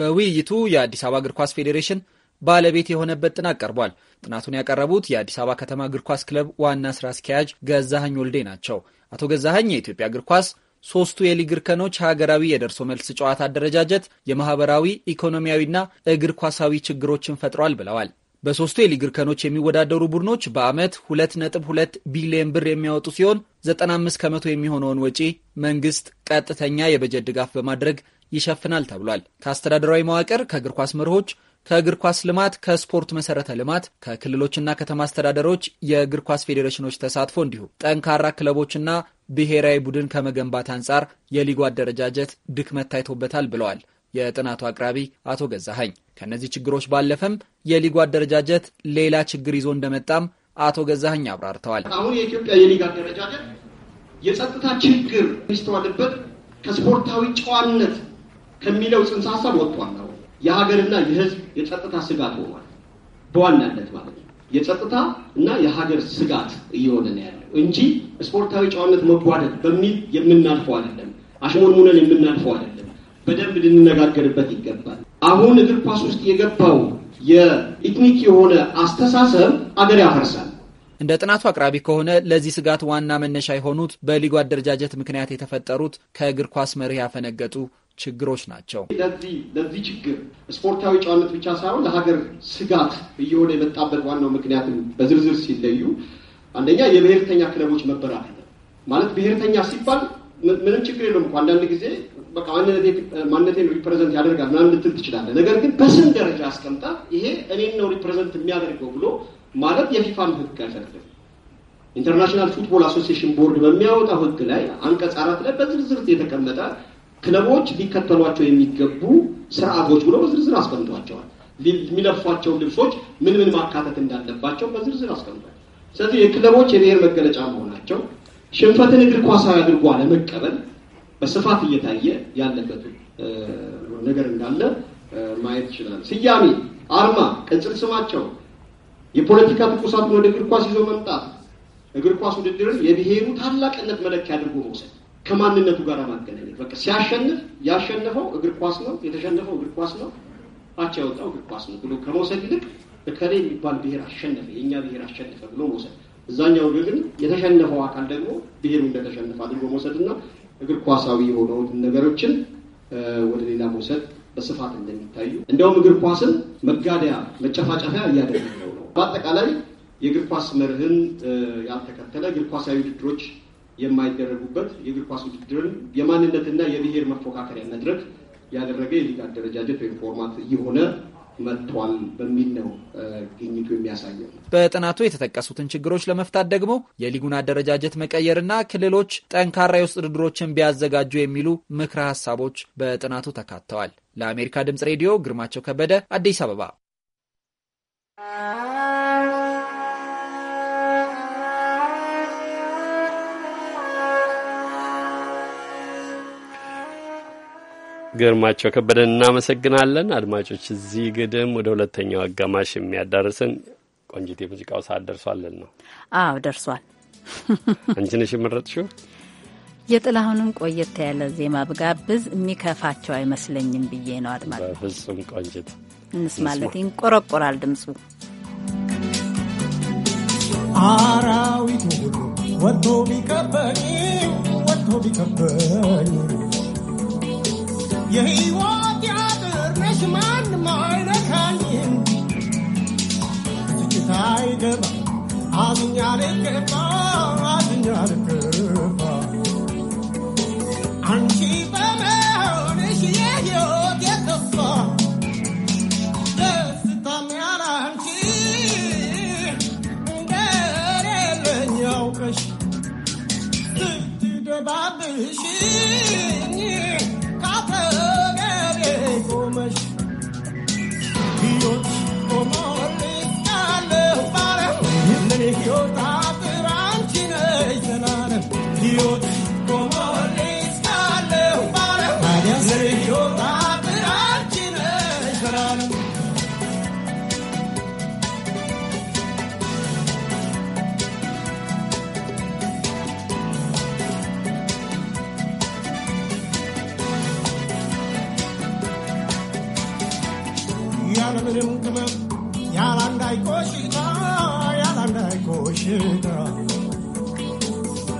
በውይይቱ የአዲስ አበባ እግር ኳስ ፌዴሬሽን ባለቤት የሆነበት ጥናት ቀርቧል። ጥናቱን ያቀረቡት የአዲስ አበባ ከተማ እግር ኳስ ክለብ ዋና ስራ አስኪያጅ ገዛሀኝ ወልዴ ናቸው። አቶ ገዛሀኝ የኢትዮጵያ እግር ኳስ ሶስቱ የሊግ እርከኖች ሀገራዊ የደርሶ መልስ ጨዋታ አደረጃጀት የማህበራዊ ኢኮኖሚያዊና እግር ኳሳዊ ችግሮችን ፈጥሯል ብለዋል። በሶስቱ የሊግ እርከኖች የሚወዳደሩ ቡድኖች በዓመት 2.2 ቢሊዮን ብር የሚያወጡ ሲሆን 95 ከመቶ የሚሆነውን ወጪ መንግስት ቀጥተኛ የበጀት ድጋፍ በማድረግ ይሸፍናል ተብሏል። ከአስተዳደራዊ መዋቅር፣ ከእግር ኳስ መርሆች ከእግር ኳስ ልማት፣ ከስፖርት መሰረተ ልማት፣ ከክልሎችና ከተማ አስተዳደሮች የእግር ኳስ ፌዴሬሽኖች ተሳትፎ እንዲሁም ጠንካራ ክለቦችና ብሔራዊ ቡድን ከመገንባት አንጻር የሊጉ አደረጃጀት ድክመት ታይቶበታል ብለዋል የጥናቱ አቅራቢ አቶ ገዛሀኝ። ከእነዚህ ችግሮች ባለፈም የሊጉ አደረጃጀት ሌላ ችግር ይዞ እንደመጣም አቶ ገዛሀኝ አብራርተዋል። አሁን የኢትዮጵያ የሊግ አደረጃጀት የጸጥታ ችግር የሚስተዋልበት ከስፖርታዊ ጨዋነት ከሚለው ጽንሰ ሀሳብ ወጥቷል ነው የሀገርና የህዝብ የጸጥታ ስጋት ሆኗል። በዋናነት ማለት ነው የጸጥታ እና የሀገር ስጋት እየሆነ ነው ያለው እንጂ ስፖርታዊ ጨዋነት መጓደል በሚል የምናልፈው አይደለም። አሽሞንሙነን የምናልፈው አይደለም። በደንብ ልንነጋገርበት ይገባል። አሁን እግር ኳስ ውስጥ የገባው የኢትኒክ የሆነ አስተሳሰብ አገር ያፈርሳል። እንደ ጥናቱ አቅራቢ ከሆነ ለዚህ ስጋት ዋና መነሻ የሆኑት በሊጉ አደረጃጀት ምክንያት የተፈጠሩት ከእግር ኳስ መርህ ያፈነገጡ ችግሮች ናቸው። ለዚህ ለዚህ ችግር ስፖርታዊ ጨዋነት ብቻ ሳይሆን ለሀገር ስጋት እየሆነ የመጣበት ዋናው ምክንያትም በዝርዝር ሲለዩ አንደኛ የብሔርተኛ ክለቦች መበራከት ማለት ብሔርተኛ ሲባል ምንም ችግር የለውም እኮ አንዳንድ ጊዜ በቃ ማንነቴን ሪፕሬዘንት ያደርጋል ምናምን ልትል ትችላለህ። ነገር ግን በስም ደረጃ አስቀምጣ ይሄ እኔን ነው ሪፕሬዘንት የሚያደርገው ብሎ ማለት የፊፋን ህግ አይፈቅድም። ኢንተርናሽናል ፉትቦል አሶሲሽን ቦርድ በሚያወጣው ህግ ላይ አንቀጽ አራት ላይ በዝርዝር የተቀመጠ ክለቦች ሊከተሏቸው የሚገቡ ስርዓቶች ብሎ በዝርዝር አስቀምጧቸዋል። የሚለፏቸው ልብሶች ምን ምን ማካተት እንዳለባቸው በዝርዝር አስቀምጧል። ስለዚህ የክለቦች የብሔር መገለጫ መሆናቸው ሽንፈትን እግር ኳሳዊ አድርጎ አለመቀበል በስፋት እየታየ ያለበት ነገር እንዳለ ማየት ይችላል። ስያሜ፣ አርማ፣ ቅጽል ስማቸው የፖለቲካ ትኩሳትን ወደ እግር ኳስ ይዞ መምጣት፣ እግር ኳስ ውድድርን የብሔሩ ታላቅነት መለኪያ አድርጎ መውሰድ፣ ከማንነቱ ጋር ማገናኘት። በቃ ሲያሸንፍ ያሸነፈው እግር ኳስ ነው፣ የተሸነፈው እግር ኳስ ነው፣ አቻ ያወጣው እግር ኳስ ነው ብሎ ከመውሰድ ይልቅ እከሌ የሚባል ብሔር አሸነፈ፣ የእኛ ብሔር አሸነፈ ብሎ መውሰድ፣ እዛኛው ግን የተሸነፈው አካል ደግሞ ብሔሩ እንደተሸነፈ አድርጎ መውሰድና እግር ኳሳዊ የሆነውን ነገሮችን ወደ ሌላ መውሰድ በስፋት እንደሚታዩ እንደውም እግር ኳስን መጋደያ መጨፋጨፊያ እያደረገ በአጠቃላይ የእግር ኳስ መርህን ያልተከተለ እግር ኳሳዊ ውድድሮች የማይደረጉበት የእግር ኳስ ውድድርን የማንነትና የብሔር መፎካከሪያ መድረክ ያደረገ የሊግ አደረጃጀት ወይም ፎርማት እየሆነ መጥቷል በሚል ነው ግኝቱ የሚያሳየው። በጥናቱ የተጠቀሱትን ችግሮች ለመፍታት ደግሞ የሊጉን አደረጃጀት መቀየርና ክልሎች ጠንካራ የውስጥ ውድድሮችን ቢያዘጋጁ የሚሉ ምክረ ሀሳቦች በጥናቱ ተካተዋል። ለአሜሪካ ድምፅ ሬዲዮ ግርማቸው ከበደ አዲስ አበባ ግርማቸው ከበደን እናመሰግናለን። አድማጮች እዚህ ግድም ወደ ሁለተኛው አጋማሽ የሚያዳርስን ቆንጂት የሙዚቃው ሰዓት ደርሷለን ነው። አዎ ደርሷል። አንቺ ነሽ የመረጥሽው። የጥላሁንም ቆየት ያለ ዜማ ብጋብዝ የሚከፋቸው አይመስለኝም ብዬ ነው አድማጭ። በፍጹም ቆንጅት እንስማለት። ይንቆረቆራል ድምፁ አራዊት ወጥቶ ቢከበኝ ወጥቶ ቢከበኝ የህይወት ያጥር ነሽ ማንም አይነካኝም ትችት አይገባ አዝኛ ልገባ አዝኛ ልገባ by bushes.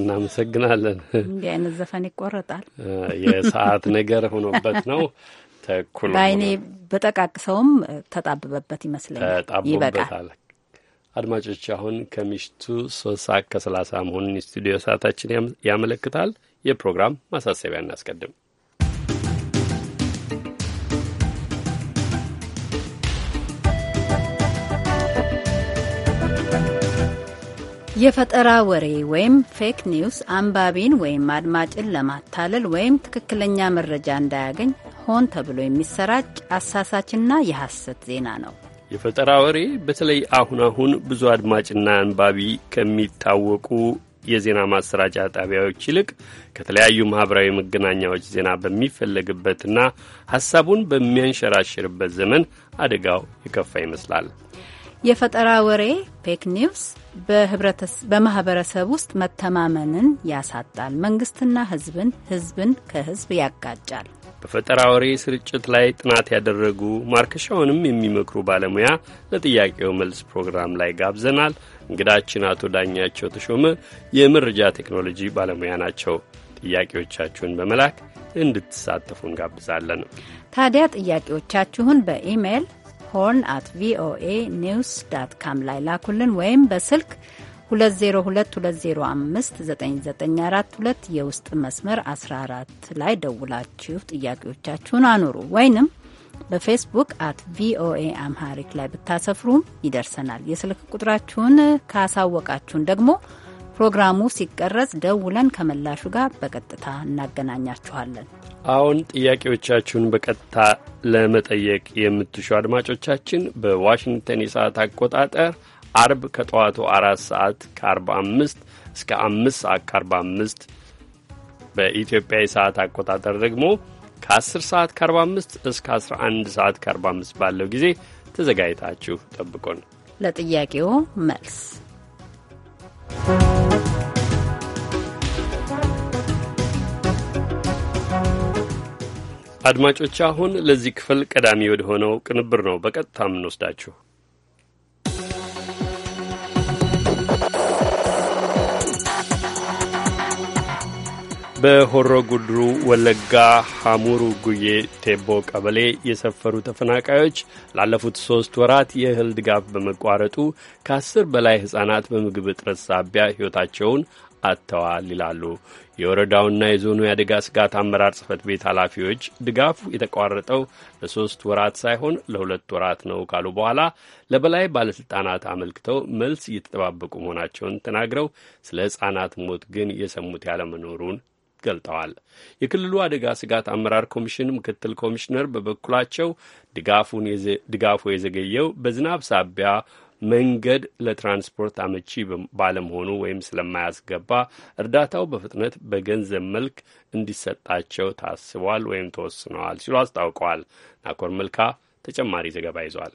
እናመሰግናለን። እንዲህ አይነት ዘፈን ይቆረጣል። የሰዓት ነገር ሆኖበት ነው ተኩል። በአይኔ በጠቃቅሰውም ተጣብበበት ይመስለኛል። ይበቃል። አድማጮች አሁን ከምሽቱ ሶስት ሰዓት ከሰላሳ መሆኑን የስቱዲዮ ሰዓታችን ያመለክታል። የፕሮግራም ማሳሰቢያ እናስቀድም። የፈጠራ ወሬ ወይም ፌክ ኒውስ አንባቢን ወይም አድማጭን ለማታለል ወይም ትክክለኛ መረጃ እንዳያገኝ ሆን ተብሎ የሚሰራጭ አሳሳችና የሐሰት ዜና ነው። የፈጠራ ወሬ በተለይ አሁን አሁን ብዙ አድማጭና አንባቢ ከሚታወቁ የዜና ማሰራጫ ጣቢያዎች ይልቅ ከተለያዩ ማኅበራዊ መገናኛዎች ዜና በሚፈለግበትና ሐሳቡን በሚያንሸራሽርበት ዘመን አደጋው የከፋ ይመስላል። የፈጠራ ወሬ ፌክ ኒውስ በማህበረሰብ ውስጥ መተማመንን ያሳጣል፣ መንግስትና ህዝብን ህዝብን ከህዝብ ያጋጫል። በፈጠራ ወሬ ስርጭት ላይ ጥናት ያደረጉ ማርከሻውንም የሚመክሩ ባለሙያ ለጥያቄው መልስ ፕሮግራም ላይ ጋብዘናል። እንግዳችን አቶ ዳኛቸው ተሾመ የመረጃ ቴክኖሎጂ ባለሙያ ናቸው። ጥያቄዎቻችሁን በመላክ እንድትሳተፉ እንጋብዛለን። ታዲያ ጥያቄዎቻችሁን በኢሜይል ሆርን አት ቪኦኤ ኒውስ ዳት ካም ላይ ላኩልን ወይም በስልክ 2022059942 የውስጥ መስመር 14 ላይ ደውላችሁ ጥያቄዎቻችሁን አኑሩ ወይንም በፌስቡክ አት ቪኦኤ አምሃሪክ ላይ ብታሰፍሩም ይደርሰናል። የስልክ ቁጥራችሁን ካሳወቃችሁን ደግሞ ፕሮግራሙ ሲቀረጽ ደውለን ከመላሹ ጋር በቀጥታ እናገናኛችኋለን። አሁን ጥያቄዎቻችሁን በቀጥታ ለመጠየቅ የምትሹ አድማጮቻችን በዋሽንግተን የሰዓት አቆጣጠር አርብ ከጠዋቱ አራት ሰዓት ከአርባ አምስት እስከ አምስት ሰዓት ከአርባ አምስት በኢትዮጵያ የሰዓት አቆጣጠር ደግሞ ከ10 ሰዓት ከ45 እስከ 11 ሰዓት ከ45 ባለው ጊዜ ተዘጋጅታችሁ ጠብቁን። ለጥያቄው መልስ አድማጮች አሁን ለዚህ ክፍል ቀዳሚ ወደ ሆነው ቅንብር ነው በቀጥታ የምንወስዳችሁ። በሆሮ ጉድሩ ወለጋ ሐሙሩ ጉዬ ቴቦ ቀበሌ የሰፈሩ ተፈናቃዮች ላለፉት ሦስት ወራት የእህል ድጋፍ በመቋረጡ ከአስር በላይ ሕፃናት በምግብ እጥረት ሳቢያ ሕይወታቸውን አጥተዋል ይላሉ የወረዳውና የዞኑ የአደጋ ስጋት አመራር ጽህፈት ቤት ኃላፊዎች። ድጋፉ የተቋረጠው ለሶስት ወራት ሳይሆን ለሁለት ወራት ነው ካሉ በኋላ ለበላይ ባለስልጣናት አመልክተው መልስ እየተጠባበቁ መሆናቸውን ተናግረው ስለ ሕፃናት ሞት ግን የሰሙት ያለመኖሩን ገልጠዋል። የክልሉ አደጋ ስጋት አመራር ኮሚሽን ምክትል ኮሚሽነር በበኩላቸው ድጋፉ የዘገየው በዝናብ ሳቢያ መንገድ ለትራንስፖርት አመቺ ባለመሆኑ ወይም ስለማያስገባ እርዳታው በፍጥነት በገንዘብ መልክ እንዲሰጣቸው ታስቧል ወይም ተወስነዋል ሲሉ አስታውቀዋል። ናኮር መልካ ተጨማሪ ዘገባ ይዟል።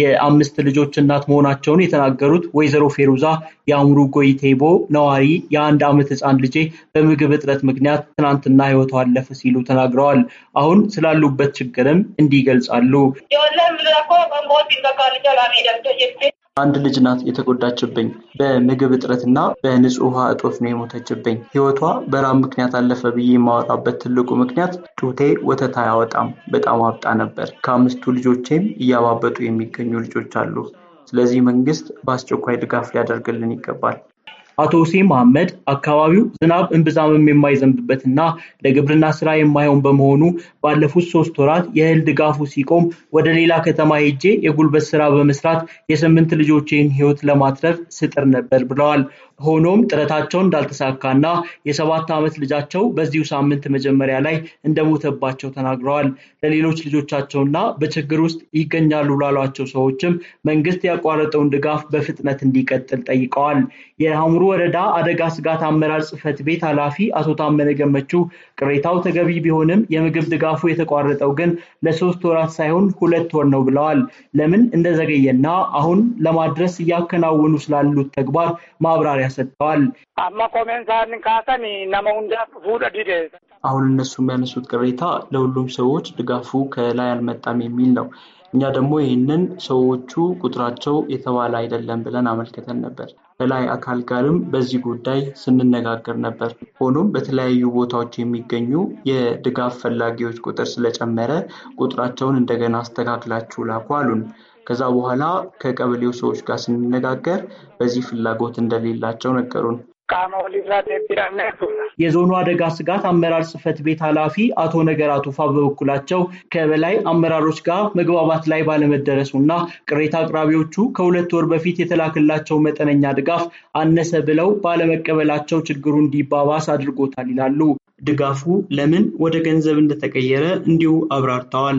የአምስት ልጆች እናት መሆናቸውን የተናገሩት ወይዘሮ ፌሩዛ የአእምሩ ጎይቴቦ ነዋሪ የአንድ ዓመት ህፃን ልጄ በምግብ እጥረት ምክንያት ትናንትና ህይወቱ አለፈ ሲሉ ተናግረዋል። አሁን ስላሉበት ችግርም እንዲህ ይገልጻሉ። አንድ ልጅ ናት የተጎዳችብኝ። በምግብ እጥረትና በንጹህ ውሃ እጦት ነው የሞተችብኝ። ህይወቷ በራብ ምክንያት አለፈ ብዬ የማወራበት ትልቁ ምክንያት ጡቴ ወተት አያወጣም። በጣም አብጣ ነበር። ከአምስቱ ልጆቼም እያባበጡ የሚገኙ ልጆች አሉ። ስለዚህ መንግስት በአስቸኳይ ድጋፍ ሊያደርግልን ይገባል። አቶ ሁሴን መሐመድ አካባቢው ዝናብ እንብዛምም የማይዘንብበትና ለግብርና ስራ የማይሆን በመሆኑ ባለፉት ሶስት ወራት የእህል ድጋፉ ሲቆም ወደ ሌላ ከተማ ሄጄ የጉልበት ስራ በመስራት የስምንት ልጆቼን ህይወት ለማትረፍ ስጥር ነበር ብለዋል። ሆኖም ጥረታቸው እንዳልተሳካና የሰባት ዓመት ልጃቸው በዚሁ ሳምንት መጀመሪያ ላይ እንደሞተባቸው ተናግረዋል። ለሌሎች ልጆቻቸውና በችግር ውስጥ ይገኛሉ ላሏቸው ሰዎችም መንግስት ያቋረጠውን ድጋፍ በፍጥነት እንዲቀጥል ጠይቀዋል። የሐሙሩ ወረዳ አደጋ ስጋት አመራር ጽህፈት ቤት ኃላፊ አቶ ታመነ ገመቹ ቅሬታው ተገቢ ቢሆንም የምግብ ድጋፉ የተቋረጠው ግን ለሶስት ወራት ሳይሆን ሁለት ወር ነው ብለዋል። ለምን እንደዘገየና አሁን ለማድረስ እያከናወኑ ስላሉት ተግባር ማብራሪያ ማብራሪያ ሰጥተዋል። አሁን እነሱ የሚያነሱት ቅሬታ ለሁሉም ሰዎች ድጋፉ ከላይ አልመጣም የሚል ነው። እኛ ደግሞ ይህንን ሰዎቹ ቁጥራቸው የተባለ አይደለም ብለን አመልክተን ነበር። ከላይ አካል ጋርም በዚህ ጉዳይ ስንነጋገር ነበር። ሆኖም በተለያዩ ቦታዎች የሚገኙ የድጋፍ ፈላጊዎች ቁጥር ስለጨመረ ቁጥራቸውን እንደገና አስተካክላችሁ ላኩ አሉን። ከዛ በኋላ ከቀበሌው ሰዎች ጋር ስንነጋገር በዚህ ፍላጎት እንደሌላቸው ነገሩን። የዞኑ አደጋ ስጋት አመራር ጽህፈት ቤት ኃላፊ አቶ ነገር አቱፋ በበኩላቸው ከበላይ አመራሮች ጋር መግባባት ላይ ባለመደረሱና ቅሬታ አቅራቢዎቹ ከሁለት ወር በፊት የተላክላቸው መጠነኛ ድጋፍ አነሰ ብለው ባለመቀበላቸው ችግሩ እንዲባባስ አድርጎታል ይላሉ። ድጋፉ ለምን ወደ ገንዘብ እንደተቀየረ እንዲሁ አብራርተዋል።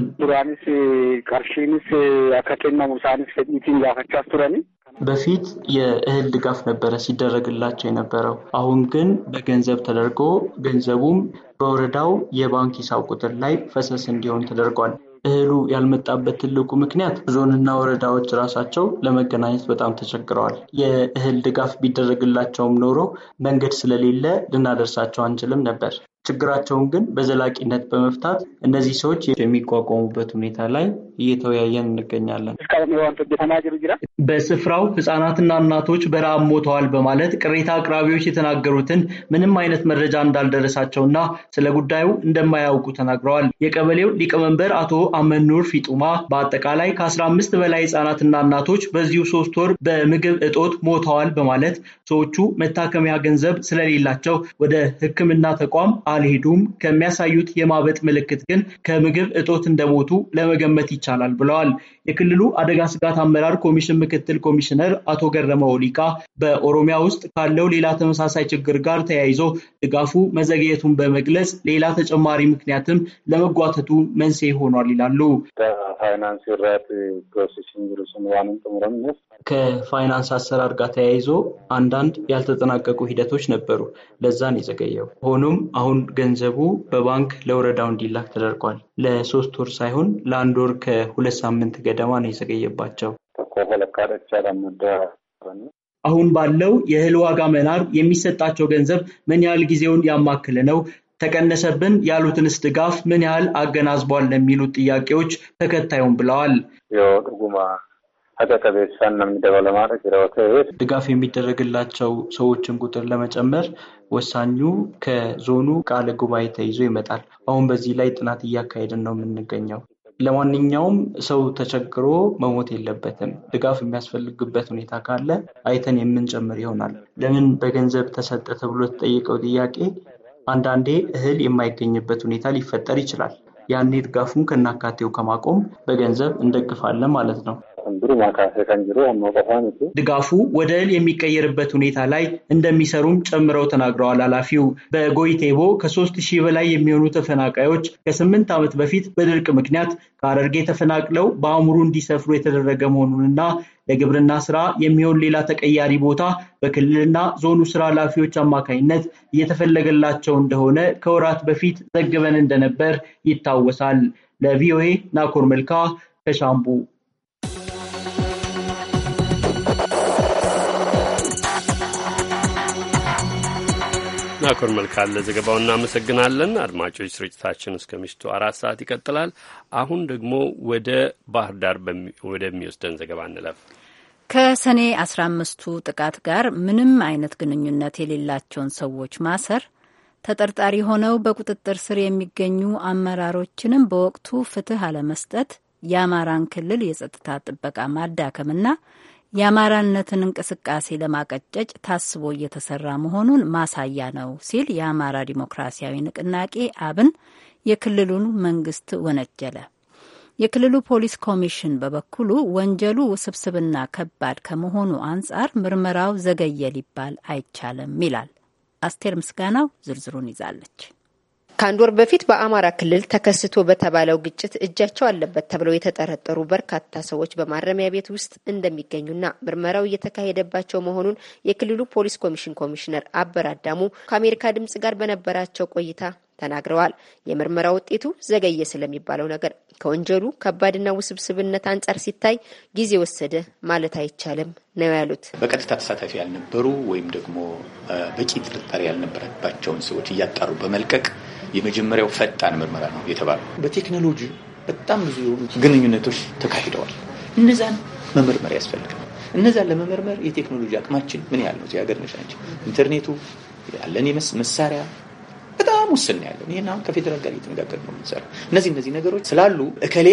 በፊት የእህል ድጋፍ ነበረ ሲደረግላቸው የነበረው። አሁን ግን በገንዘብ ተደርጎ ገንዘቡም በወረዳው የባንክ ሂሳብ ቁጥር ላይ ፈሰስ እንዲሆን ተደርጓል። እህሉ ያልመጣበት ትልቁ ምክንያት ዞንና ወረዳዎች ራሳቸው ለመገናኘት በጣም ተቸግረዋል። የእህል ድጋፍ ቢደረግላቸውም ኖሮ መንገድ ስለሌለ ልናደርሳቸው አንችልም ነበር። ችግራቸውን ግን በዘላቂነት በመፍታት እነዚህ ሰዎች የሚቋቋሙበት ሁኔታ ላይ እየተወያየን እንገኛለን። በስፍራው ህጻናትና እናቶች በረሃብ ሞተዋል በማለት ቅሬታ አቅራቢዎች የተናገሩትን ምንም አይነት መረጃ እንዳልደረሳቸውና ስለ ጉዳዩ እንደማያውቁ ተናግረዋል። የቀበሌው ሊቀመንበር አቶ አመኑር ፊጡማ በአጠቃላይ ከ አምስት በላይ ህጻናትና እናቶች በዚሁ ሶስት ወር በምግብ እጦት ሞተዋል በማለት ሰዎቹ መታከሚያ ገንዘብ ስለሌላቸው ወደ ሕክምና ተቋም አልሄዱም ከሚያሳዩት የማበጥ ምልክት ግን ከምግብ እጦት እንደሞቱ ለመገመት ይቻላል ይቻላል ብለዋል። የክልሉ አደጋ ስጋት አመራር ኮሚሽን ምክትል ኮሚሽነር አቶ ገረመው ወሊቃ በኦሮሚያ ውስጥ ካለው ሌላ ተመሳሳይ ችግር ጋር ተያይዞ ድጋፉ መዘግየቱን በመግለጽ ሌላ ተጨማሪ ምክንያትም ለመጓተቱ መንስኤ ሆኗል ይላሉ። ፋይናንስ ራት ከፋይናንስ አሰራር ጋር ተያይዞ አንዳንድ ያልተጠናቀቁ ሂደቶች ነበሩ። ለዛ ነው የዘገየው። ሆኖም አሁን ገንዘቡ በባንክ ለወረዳው እንዲላክ ተደርጓል። ለሶስት ወር ሳይሆን ለአንድ ወር ከሁለት ሳምንት ገደማ ነው የዘገየባቸው። አሁን ባለው የእህል ዋጋ መናር የሚሰጣቸው ገንዘብ ምን ያህል ጊዜውን ያማከለ ነው? ተቀነሰብን ያሉትንስ ድጋፍ ምን ያህል አገናዝቧል? ለሚሉት ጥያቄዎች ተከታዩም ብለዋል። ነው እንደምንደባ ለማድረግ ድጋፍ የሚደረግላቸው ሰዎችን ቁጥር ለመጨመር ወሳኙ ከዞኑ ቃለ ጉባኤ ተይዞ ይመጣል። አሁን በዚህ ላይ ጥናት እያካሄድን ነው የምንገኘው። ለማንኛውም ሰው ተቸግሮ መሞት የለበትም። ድጋፍ የሚያስፈልግበት ሁኔታ ካለ አይተን የምንጨምር ይሆናል። ለምን በገንዘብ ተሰጠ ተብሎ የተጠየቀው ጥያቄ አንዳንዴ እህል የማይገኝበት ሁኔታ ሊፈጠር ይችላል። ያኔ ድጋፉን ከናካቴው ከማቆም በገንዘብ እንደግፋለን ማለት ነው። ድጋፉ ወደ እህል የሚቀየርበት ሁኔታ ላይ እንደሚሰሩም ጨምረው ተናግረዋል ኃላፊው። በጎይቴቦ ከሶስት ሺህ በላይ የሚሆኑ ተፈናቃዮች ከስምንት ዓመት በፊት በድርቅ ምክንያት ከአረርጌ ተፈናቅለው በአእምሩ እንዲሰፍሩ የተደረገ መሆኑንና ለግብርና ስራ የሚሆን ሌላ ተቀያሪ ቦታ በክልልና ዞኑ ስራ ኃላፊዎች አማካኝነት እየተፈለገላቸው እንደሆነ ከወራት በፊት ዘግበን እንደነበር ይታወሳል። ለቪኦኤ ናኮር መልካ ከሻምቡ ናኮር መልካል ለዘገባው እናመሰግናለን። አድማጮች ስርጭታችን እስከ ምሽቱ አራት ሰዓት ይቀጥላል። አሁን ደግሞ ወደ ባህር ዳር ወደሚወስደን ዘገባ እንለፍ። ከሰኔ አስራ አምስቱ ጥቃት ጋር ምንም አይነት ግንኙነት የሌላቸውን ሰዎች ማሰር ተጠርጣሪ ሆነው በቁጥጥር ስር የሚገኙ አመራሮችንም በወቅቱ ፍትህ አለመስጠት የአማራን ክልል የጸጥታ ጥበቃ ማዳከምና የአማራነትን እንቅስቃሴ ለማቀጨጭ ታስቦ እየተሰራ መሆኑን ማሳያ ነው ሲል የአማራ ዲሞክራሲያዊ ንቅናቄ አብን የክልሉን መንግስት ወነጀለ። የክልሉ ፖሊስ ኮሚሽን በበኩሉ ወንጀሉ ውስብስብና ከባድ ከመሆኑ አንጻር ምርመራው ዘገየ ሊባል አይቻልም ይላል። አስቴር ምስጋናው ዝርዝሩን ይዛለች። ከአንድ ወር በፊት በአማራ ክልል ተከስቶ በተባለው ግጭት እጃቸው አለበት ተብለው የተጠረጠሩ በርካታ ሰዎች በማረሚያ ቤት ውስጥ እንደሚገኙና ምርመራው እየተካሄደባቸው መሆኑን የክልሉ ፖሊስ ኮሚሽን ኮሚሽነር አበር አዳሙ ከአሜሪካ ድምጽ ጋር በነበራቸው ቆይታ ተናግረዋል። የምርመራ ውጤቱ ዘገየ ስለሚባለው ነገር ከወንጀሉ ከባድና ውስብስብነት አንጻር ሲታይ ጊዜ ወሰደ ማለት አይቻልም ነው ያሉት። በቀጥታ ተሳታፊ ያልነበሩ ወይም ደግሞ በቂ ጥርጣሬ ያልነበረባቸውን ሰዎች እያጣሩ በመልቀቅ የመጀመሪያው ፈጣን ምርመራ ነው የተባለው። በቴክኖሎጂ በጣም ብዙ የሆኑ ግንኙነቶች ተካሂደዋል። እነዛን መመርመር ያስፈልጋል። እነዛን ለመመርመር የቴክኖሎጂ አቅማችን ምን ያህል ነው? ሀገር ነች ኢንተርኔቱ ያለን መሳሪያ በጣም ውስን ያለን። ይህን አሁን ከፌዴራል ጋር እየተነጋገር ነው የምንሰራው። እነዚህ እነዚህ ነገሮች ስላሉ እከሌ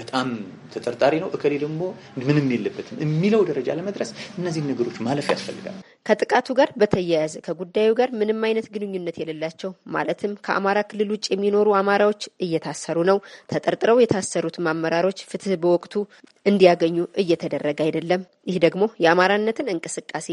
በጣም ተጠርጣሪ ነው፣ እከሌ ደግሞ ምንም የለበትም የሚለው ደረጃ ለመድረስ እነዚህን ነገሮች ማለፍ ያስፈልጋል። ከጥቃቱ ጋር በተያያዘ ከጉዳዩ ጋር ምንም አይነት ግንኙነት የሌላቸው ማለትም ከአማራ ክልል ውጭ የሚኖሩ አማራዎች እየታሰሩ ነው። ተጠርጥረው የታሰሩትም አመራሮች ፍትህ በወቅቱ እንዲያገኙ እየተደረገ አይደለም። ይህ ደግሞ የአማራነትን እንቅስቃሴ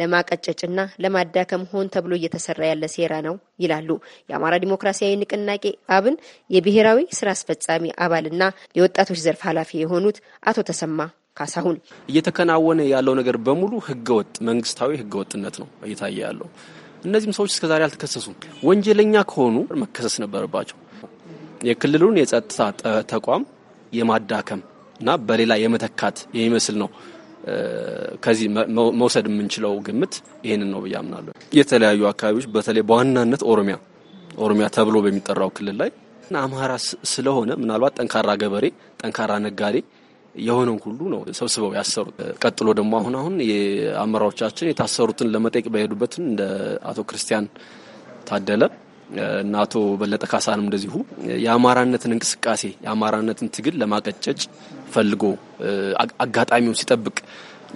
ለማቀጨጭና ለማዳከም ሆን ተብሎ እየተሰራ ያለ ሴራ ነው ይላሉ የአማራ ዲሞክራሲያዊ ንቅናቄ አብን የብሔራዊ ስራ አስፈጻሚ አባልና የወጣቱ ወጣቶች ዘርፍ ኃላፊ የሆኑት አቶ ተሰማ ካሳሁን እየተከናወነ ያለው ነገር በሙሉ ህገወጥ መንግስታዊ ህገወጥነት ነው እየታየ ያለው። እነዚህም ሰዎች እስከዛሬ አልተከሰሱም። ወንጀለኛ ከሆኑ መከሰስ ነበረባቸው። የክልሉን የጸጥታ ተቋም የማዳከም እና በሌላ የመተካት የሚመስል ነው። ከዚህ መውሰድ የምንችለው ግምት ይህንን ነው ብዬ አምናለሁ። የተለያዩ አካባቢዎች በተለይ በዋናነት ኦሮሚያ ኦሮሚያ ተብሎ በሚጠራው ክልል ላይ አማራ ስለሆነ ምናልባት ጠንካራ ገበሬ፣ ጠንካራ ነጋዴ የሆነን ሁሉ ነው ሰብስበው ያሰሩት። ቀጥሎ ደግሞ አሁን አሁን የአመራሮቻችን የታሰሩትን ለመጠየቅ በሄዱበትን እንደ አቶ ክርስቲያን ታደለ እና አቶ በለጠ ካሳንም እንደዚሁ የአማራነትን እንቅስቃሴ የአማራነትን ትግል ለማቀጨጭ ፈልጎ አጋጣሚውን ሲጠብቅ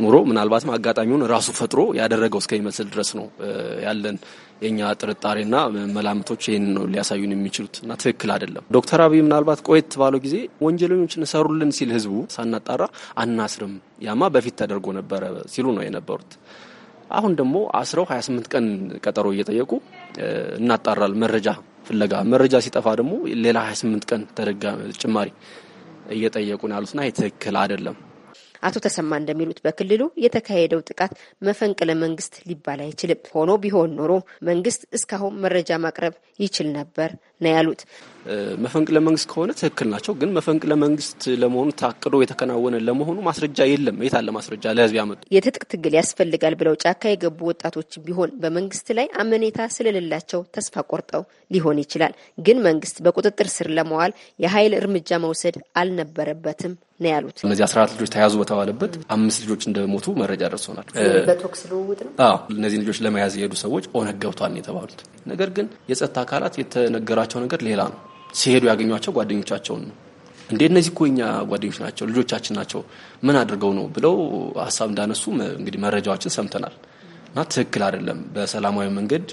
ኑሮ ምናልባትም አጋጣሚውን ራሱ ፈጥሮ ያደረገው እስከሚመስል ድረስ ነው ያለን የኛ ጥርጣሬና መላምቶች ይህን ነው ሊያሳዩን የሚችሉት እና ትክክል አይደለም። ዶክተር አብይ ምናልባት ቆየት ባለው ጊዜ ወንጀለኞች ሰሩልን ሲል ህዝቡ ሳናጣራ አናስርም ያማ በፊት ተደርጎ ነበረ ሲሉ ነው የነበሩት። አሁን ደግሞ አስረው 28 ቀን ቀጠሮ እየጠየቁ እናጣራል መረጃ ፍለጋ መረጃ ሲጠፋ ደግሞ ሌላ 28 ቀን ተደጋ ጭማሪ እየጠየቁ ነው ያሉትና ትክክል አይደለም። አቶ ተሰማ እንደሚሉት በክልሉ የተካሄደው ጥቃት መፈንቅለ መንግስት ሊባል አይችልም። ሆኖ ቢሆን ኖሮ መንግስት እስካሁን መረጃ ማቅረብ ይችል ነበር ነው ያሉት። መፈንቅለ መንግስት ከሆነ ትክክል ናቸው። ግን መፈንቅለ መንግስት ለመሆኑ ታቅዶ የተከናወነ ለመሆኑ ማስረጃ የለም። የት አለ ማስረጃ? ለህዝብ ያመጡ የትጥቅ ትግል ያስፈልጋል ብለው ጫካ የገቡ ወጣቶች ቢሆን በመንግስት ላይ አመኔታ ስለሌላቸው ተስፋ ቆርጠው ሊሆን ይችላል። ግን መንግስት በቁጥጥር ስር ለመዋል የኃይል እርምጃ መውሰድ አልነበረበትም ነው ያሉት። እነዚህ አስራ አራት ልጆች ተያዙ በተባለበት አምስት ልጆች እንደሞቱ መረጃ ደርሶናል። በተኩስ ልውውጥ ነው። እነዚህ ልጆች ለመያዝ የሄዱ ሰዎች ኦነግ ገብቷል የተባሉት። ነገር ግን የጸጥታ አካላት የተነገራቸው ነገር ሌላ ነው። ሲሄዱ ያገኟቸው ጓደኞቻቸውን ነው። እንዴ እነዚህ እኮ ጓደኞች ናቸው፣ ልጆቻችን ናቸው፣ ምን አድርገው ነው ብለው ሀሳብ እንዳነሱ እንግዲህ መረጃዎችን ሰምተናል። እና ትክክል አይደለም። በሰላማዊ መንገድ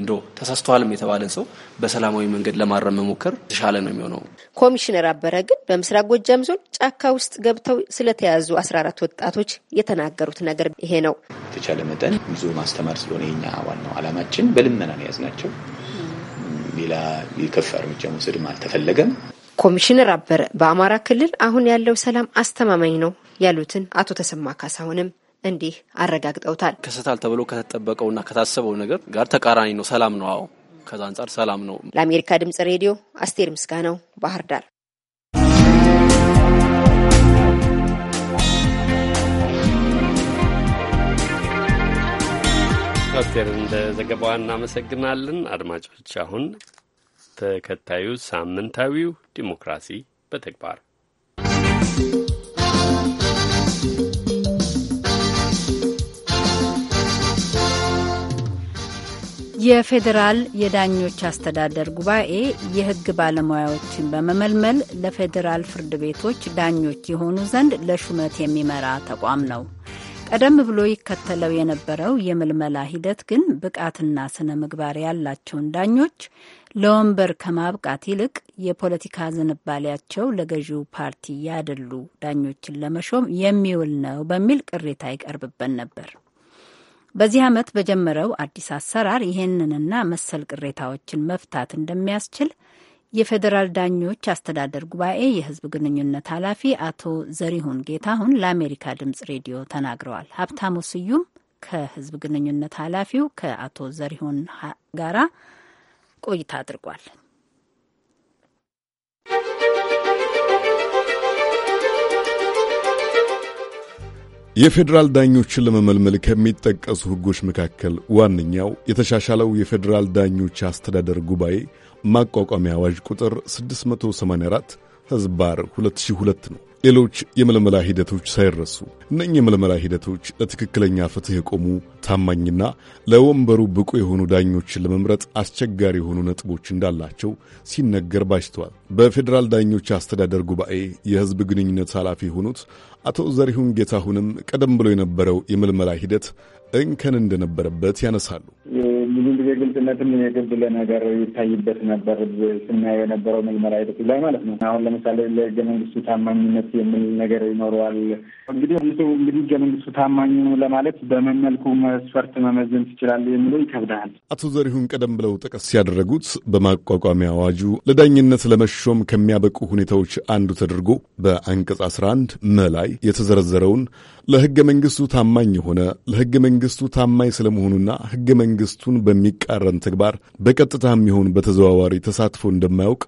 እንዶ ተሳስተዋልም የተባለን ሰው በሰላማዊ መንገድ ለማረም መሞከር የተሻለ ነው የሚሆነው። ኮሚሽነር አበረ ግን በምስራቅ ጎጃም ዞን ጫካ ውስጥ ገብተው ስለተያዙ 14 ወጣቶች የተናገሩት ነገር ይሄ ነው። የተቻለ መጠን ብዙ ማስተማር ስለሆነ የኛ ዋናው አላማችን በልመና ነው የያዝናቸው ሌላ የከፋ እርምጃ መውሰድም አልተፈለገም። ኮሚሽነር አበረ በአማራ ክልል አሁን ያለው ሰላም አስተማማኝ ነው ያሉትን አቶ ተሰማ ካሳሁንም እንዲህ አረጋግጠውታል። ከሰታል ተብሎ ከተጠበቀውና ከታሰበው ነገር ጋር ተቃራኒ ነው። ሰላም ነው። አዎ ከዛ አንጻር ሰላም ነው። ለአሜሪካ ድምጽ ሬዲዮ አስቴር ምስጋናው ባህር ዳር። ዶክተር እንደ ዘገባዋ እናመሰግናለን። አድማጮች፣ አሁን ተከታዩ ሳምንታዊው ዲሞክራሲ በተግባር የፌዴራል የዳኞች አስተዳደር ጉባኤ የሕግ ባለሙያዎችን በመመልመል ለፌዴራል ፍርድ ቤቶች ዳኞች የሆኑ ዘንድ ለሹመት የሚመራ ተቋም ነው። ቀደም ብሎ ይከተለው የነበረው የምልመላ ሂደት ግን ብቃትና ስነ ምግባር ያላቸውን ዳኞች ለወንበር ከማብቃት ይልቅ የፖለቲካ ዝንባሌያቸው ለገዢው ፓርቲ ያደሉ ዳኞችን ለመሾም የሚውል ነው በሚል ቅሬታ ይቀርብበት ነበር። በዚህ ዓመት በጀመረው አዲስ አሰራር ይህንንና መሰል ቅሬታዎችን መፍታት እንደሚያስችል የፌዴራል ዳኞች አስተዳደር ጉባኤ የህዝብ ግንኙነት ኃላፊ አቶ ዘሪሁን ጌታሁን ለአሜሪካ ድምጽ ሬዲዮ ተናግረዋል። ሀብታሙ ስዩም ከህዝብ ግንኙነት ኃላፊው ከአቶ ዘሪሁን ጋራ ቆይታ አድርጓል። የፌዴራል ዳኞችን ለመመልመል ከሚጠቀሱ ህጎች መካከል ዋነኛው የተሻሻለው የፌዴራል ዳኞች አስተዳደር ጉባኤ ማቋቋሚያ አዋጅ ቁጥር 684 ህዝባር 2002 ነው። ሌሎች የምልመላ ሂደቶች ሳይረሱ እነኚህ የምልመላ ሂደቶች ለትክክለኛ ፍትህ የቆሙ ታማኝና ለወንበሩ ብቁ የሆኑ ዳኞችን ለመምረጥ አስቸጋሪ የሆኑ ነጥቦች እንዳላቸው ሲነገር ባጅተዋል። በፌዴራል ዳኞች አስተዳደር ጉባኤ የህዝብ ግንኙነት ኃላፊ የሆኑት አቶ ዘሪሁን ጌታሁንም ቀደም ብሎ የነበረው የምልመላ ሂደት እንከን እንደነበረበት ያነሳሉ። ብዙ ጊዜ እውነትም የግብድ ነገር ይታይበት ነበር ስናየው የነበረው መጀመሪያ ሂደት ላይ ማለት ነው። አሁን ለምሳሌ ለህገ መንግስቱ ታማኝነት የሚል ነገር ይኖረዋል። እንግዲህ እንግዲህ ህገ መንግስቱ ታማኝ ለማለት በምን መልኩ መስፈርት መመዘን ትችላለህ የሚለው ይከብዳል። አቶ ዘሪሁን ቀደም ብለው ጠቀስ ያደረጉት በማቋቋሚያ አዋጁ ለዳኝነት ለመሾም ከሚያበቁ ሁኔታዎች አንዱ ተደርጎ በአንቀጽ 11 መ ላይ የተዘረዘረውን ለሕገ መንግሥቱ ታማኝ የሆነ ለሕገ መንግሥቱ ታማኝ ስለመሆኑና ሕገ መንግሥቱን በሚቃረን ተግባር በቀጥታ የሚሆን በተዘዋዋሪ ተሳትፎ እንደማያውቅ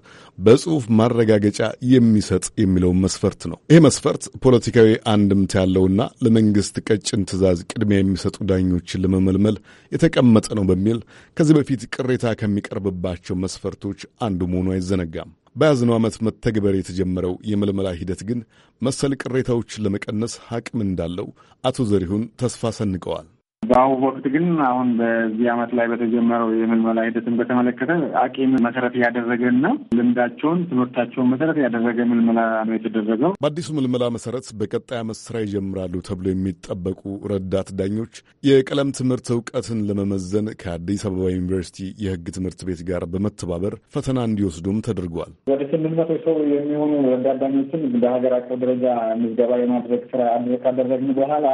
በጽሑፍ ማረጋገጫ የሚሰጥ የሚለው መስፈርት ነው። ይህ መስፈርት ፖለቲካዊ አንድምት ያለውና ለመንግሥት ቀጭን ትዕዛዝ ቅድሚያ የሚሰጡ ዳኞችን ለመመልመል የተቀመጠ ነው በሚል ከዚህ በፊት ቅሬታ ከሚቀርብባቸው መስፈርቶች አንዱ መሆኑ አይዘነጋም። በያዝነው ዓመት መተግበር የተጀመረው የምልመላ ሂደት ግን መሰል ቅሬታዎችን ለመቀነስ አቅም እንዳለው አቶ ዘሪሁን ተስፋ ሰንቀዋል። በአሁኑ ወቅት ግን አሁን በዚህ አመት ላይ በተጀመረው የምልመላ ሂደትን በተመለከተ አቂም መሰረት ያደረገና ልምዳቸውን ትምህርታቸውን መሰረት ያደረገ ምልመላ ነው የተደረገው። በአዲሱ ምልመላ መሰረት በቀጣይ አመት ስራ ይጀምራሉ ተብሎ የሚጠበቁ ረዳት ዳኞች የቀለም ትምህርት እውቀትን ለመመዘን ከአዲስ አበባ ዩኒቨርሲቲ የህግ ትምህርት ቤት ጋር በመተባበር ፈተና እንዲወስዱም ተደርጓል። ወደ ስምንት መቶ ሰው የሚሆኑ ረዳት ዳኞችን በሀገር አቀፍ ደረጃ ምዝገባ የማድረግ ስራ ካደረግን በኋላ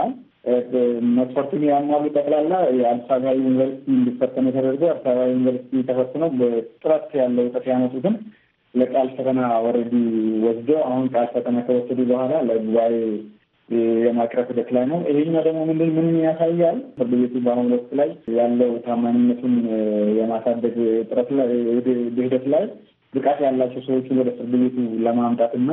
መስፈርቱን ያሟሉ ጠቅላላ የአዲስ አበባ ዩኒቨርሲቲ እንዲፈተኑ ተደርጎ አዲስ አበባ ዩኒቨርሲቲ ተፈትነው በጥረት ያለው እውቀት ያመጡትን ለቃል ፈተና ወረዲ ወስዶ አሁን ቃል ፈተና ከወሰዱ በኋላ ለጉባኤ የማቅረብ ሂደት ላይ ነው። ይሄኛው ደግሞ ምንድን ምን ያሳያል? ፍርድ ቤቱ በአሁኑ ወቅት ላይ ያለው ታማኝነቱን የማሳደግ ጥረት ሂደት ላይ ብቃት ያላቸው ሰዎችን ወደ ፍርድ ቤቱ ለማምጣትና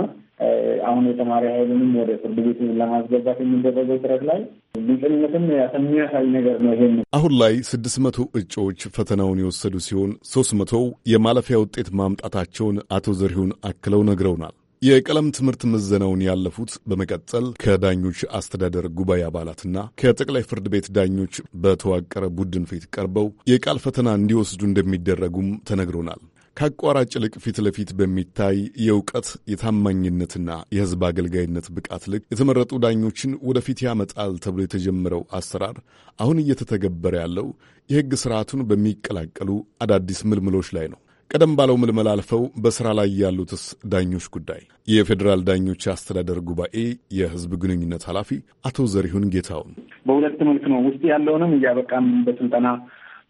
አሁን የተማሪ ኃይልንም ወደ ፍርድ ቤቱ ለማስገባት የሚደረገው ጥረት ላይ ግልጽነትን የሚያሳይ ነገር ነው። ይሄ አሁን ላይ ስድስት መቶ እጩዎች ፈተናውን የወሰዱ ሲሆን ሶስት መቶው የማለፊያ ውጤት ማምጣታቸውን አቶ ዘሪሁን አክለው ነግረውናል። የቀለም ትምህርት ምዘናውን ያለፉት በመቀጠል ከዳኞች አስተዳደር ጉባኤ አባላትና ከጠቅላይ ፍርድ ቤት ዳኞች በተዋቀረ ቡድን ፊት ቀርበው የቃል ፈተና እንዲወስዱ እንደሚደረጉም ተነግሮናል። ከአቋራጭ ይልቅ ፊት ለፊት በሚታይ የእውቀት የታማኝነትና የሕዝብ አገልጋይነት ብቃት ልክ የተመረጡ ዳኞችን ወደፊት ያመጣል ተብሎ የተጀመረው አሰራር አሁን እየተተገበረ ያለው የሕግ ስርዓቱን በሚቀላቀሉ አዳዲስ ምልምሎች ላይ ነው። ቀደም ባለው ምልመላ አልፈው በሥራ ላይ ያሉትስ ዳኞች ጉዳይ የፌዴራል ዳኞች አስተዳደር ጉባኤ የህዝብ ግንኙነት ኃላፊ አቶ ዘሪሁን ጌታውን በሁለት መልክ ነው ውስጥ ያለውንም እያበቃም በስልጠና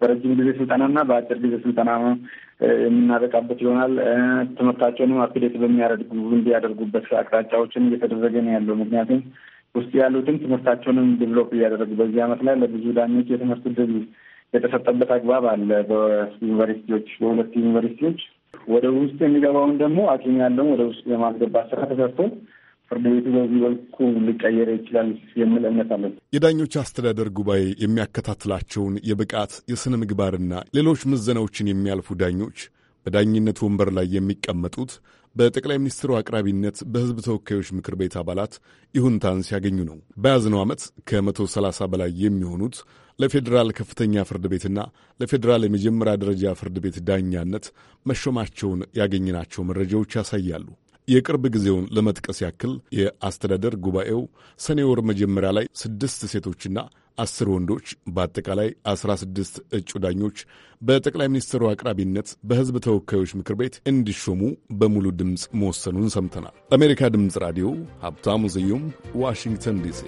በረጅም ጊዜ ስልጠናና በአጭር ጊዜ ስልጠና የምናበቃበት ይሆናል። ትምህርታቸውንም አፕዴት በሚያደርጉ እንዲያደርጉበት አቅጣጫዎችን እየተደረገ ነው ያለው። ምክንያቱም ውስጥ ያሉትን ትምህርታቸውንም ዲቨሎፕ እያደረጉ በዚህ አመት ላይ ለብዙ ዳኞች የትምህርት ድል የተሰጠበት አግባብ አለ። በዩኒቨርሲቲዎች በሁለት ዩኒቨርሲቲዎች ወደ ውስጥ የሚገባውን ደግሞ አቅም ያለውን ወደ ውስጥ የማስገባት ስራ ተሰርቶ ፍርድ ቤቱ በዚህ መልኩ ሊቀየር ይችላል የሚል እምነት አለን። የዳኞች አስተዳደር ጉባኤ የሚያከታትላቸውን የብቃት የሥነ ምግባርና ሌሎች ምዘናዎችን የሚያልፉ ዳኞች በዳኝነት ወንበር ላይ የሚቀመጡት በጠቅላይ ሚኒስትሩ አቅራቢነት በሕዝብ ተወካዮች ምክር ቤት አባላት ይሁንታን ሲያገኙ ነው። በያዝነው ዓመት ከመቶ ሰላሳ በላይ የሚሆኑት ለፌዴራል ከፍተኛ ፍርድ ቤትና ለፌዴራል የመጀመሪያ ደረጃ ፍርድ ቤት ዳኛነት መሾማቸውን ያገኝናቸው መረጃዎች ያሳያሉ። የቅርብ ጊዜውን ለመጥቀስ ያክል የአስተዳደር ጉባኤው ሰኔ ወር መጀመሪያ ላይ ስድስት ሴቶችና አስር ወንዶች በአጠቃላይ አስራ ስድስት እጩ ዳኞች በጠቅላይ ሚኒስትሩ አቅራቢነት በሕዝብ ተወካዮች ምክር ቤት እንዲሾሙ በሙሉ ድምፅ መወሰኑን ሰምተናል። ለአሜሪካ ድምፅ ራዲዮ ሀብታሙ ስዩም ዋሽንግተን ዲሲ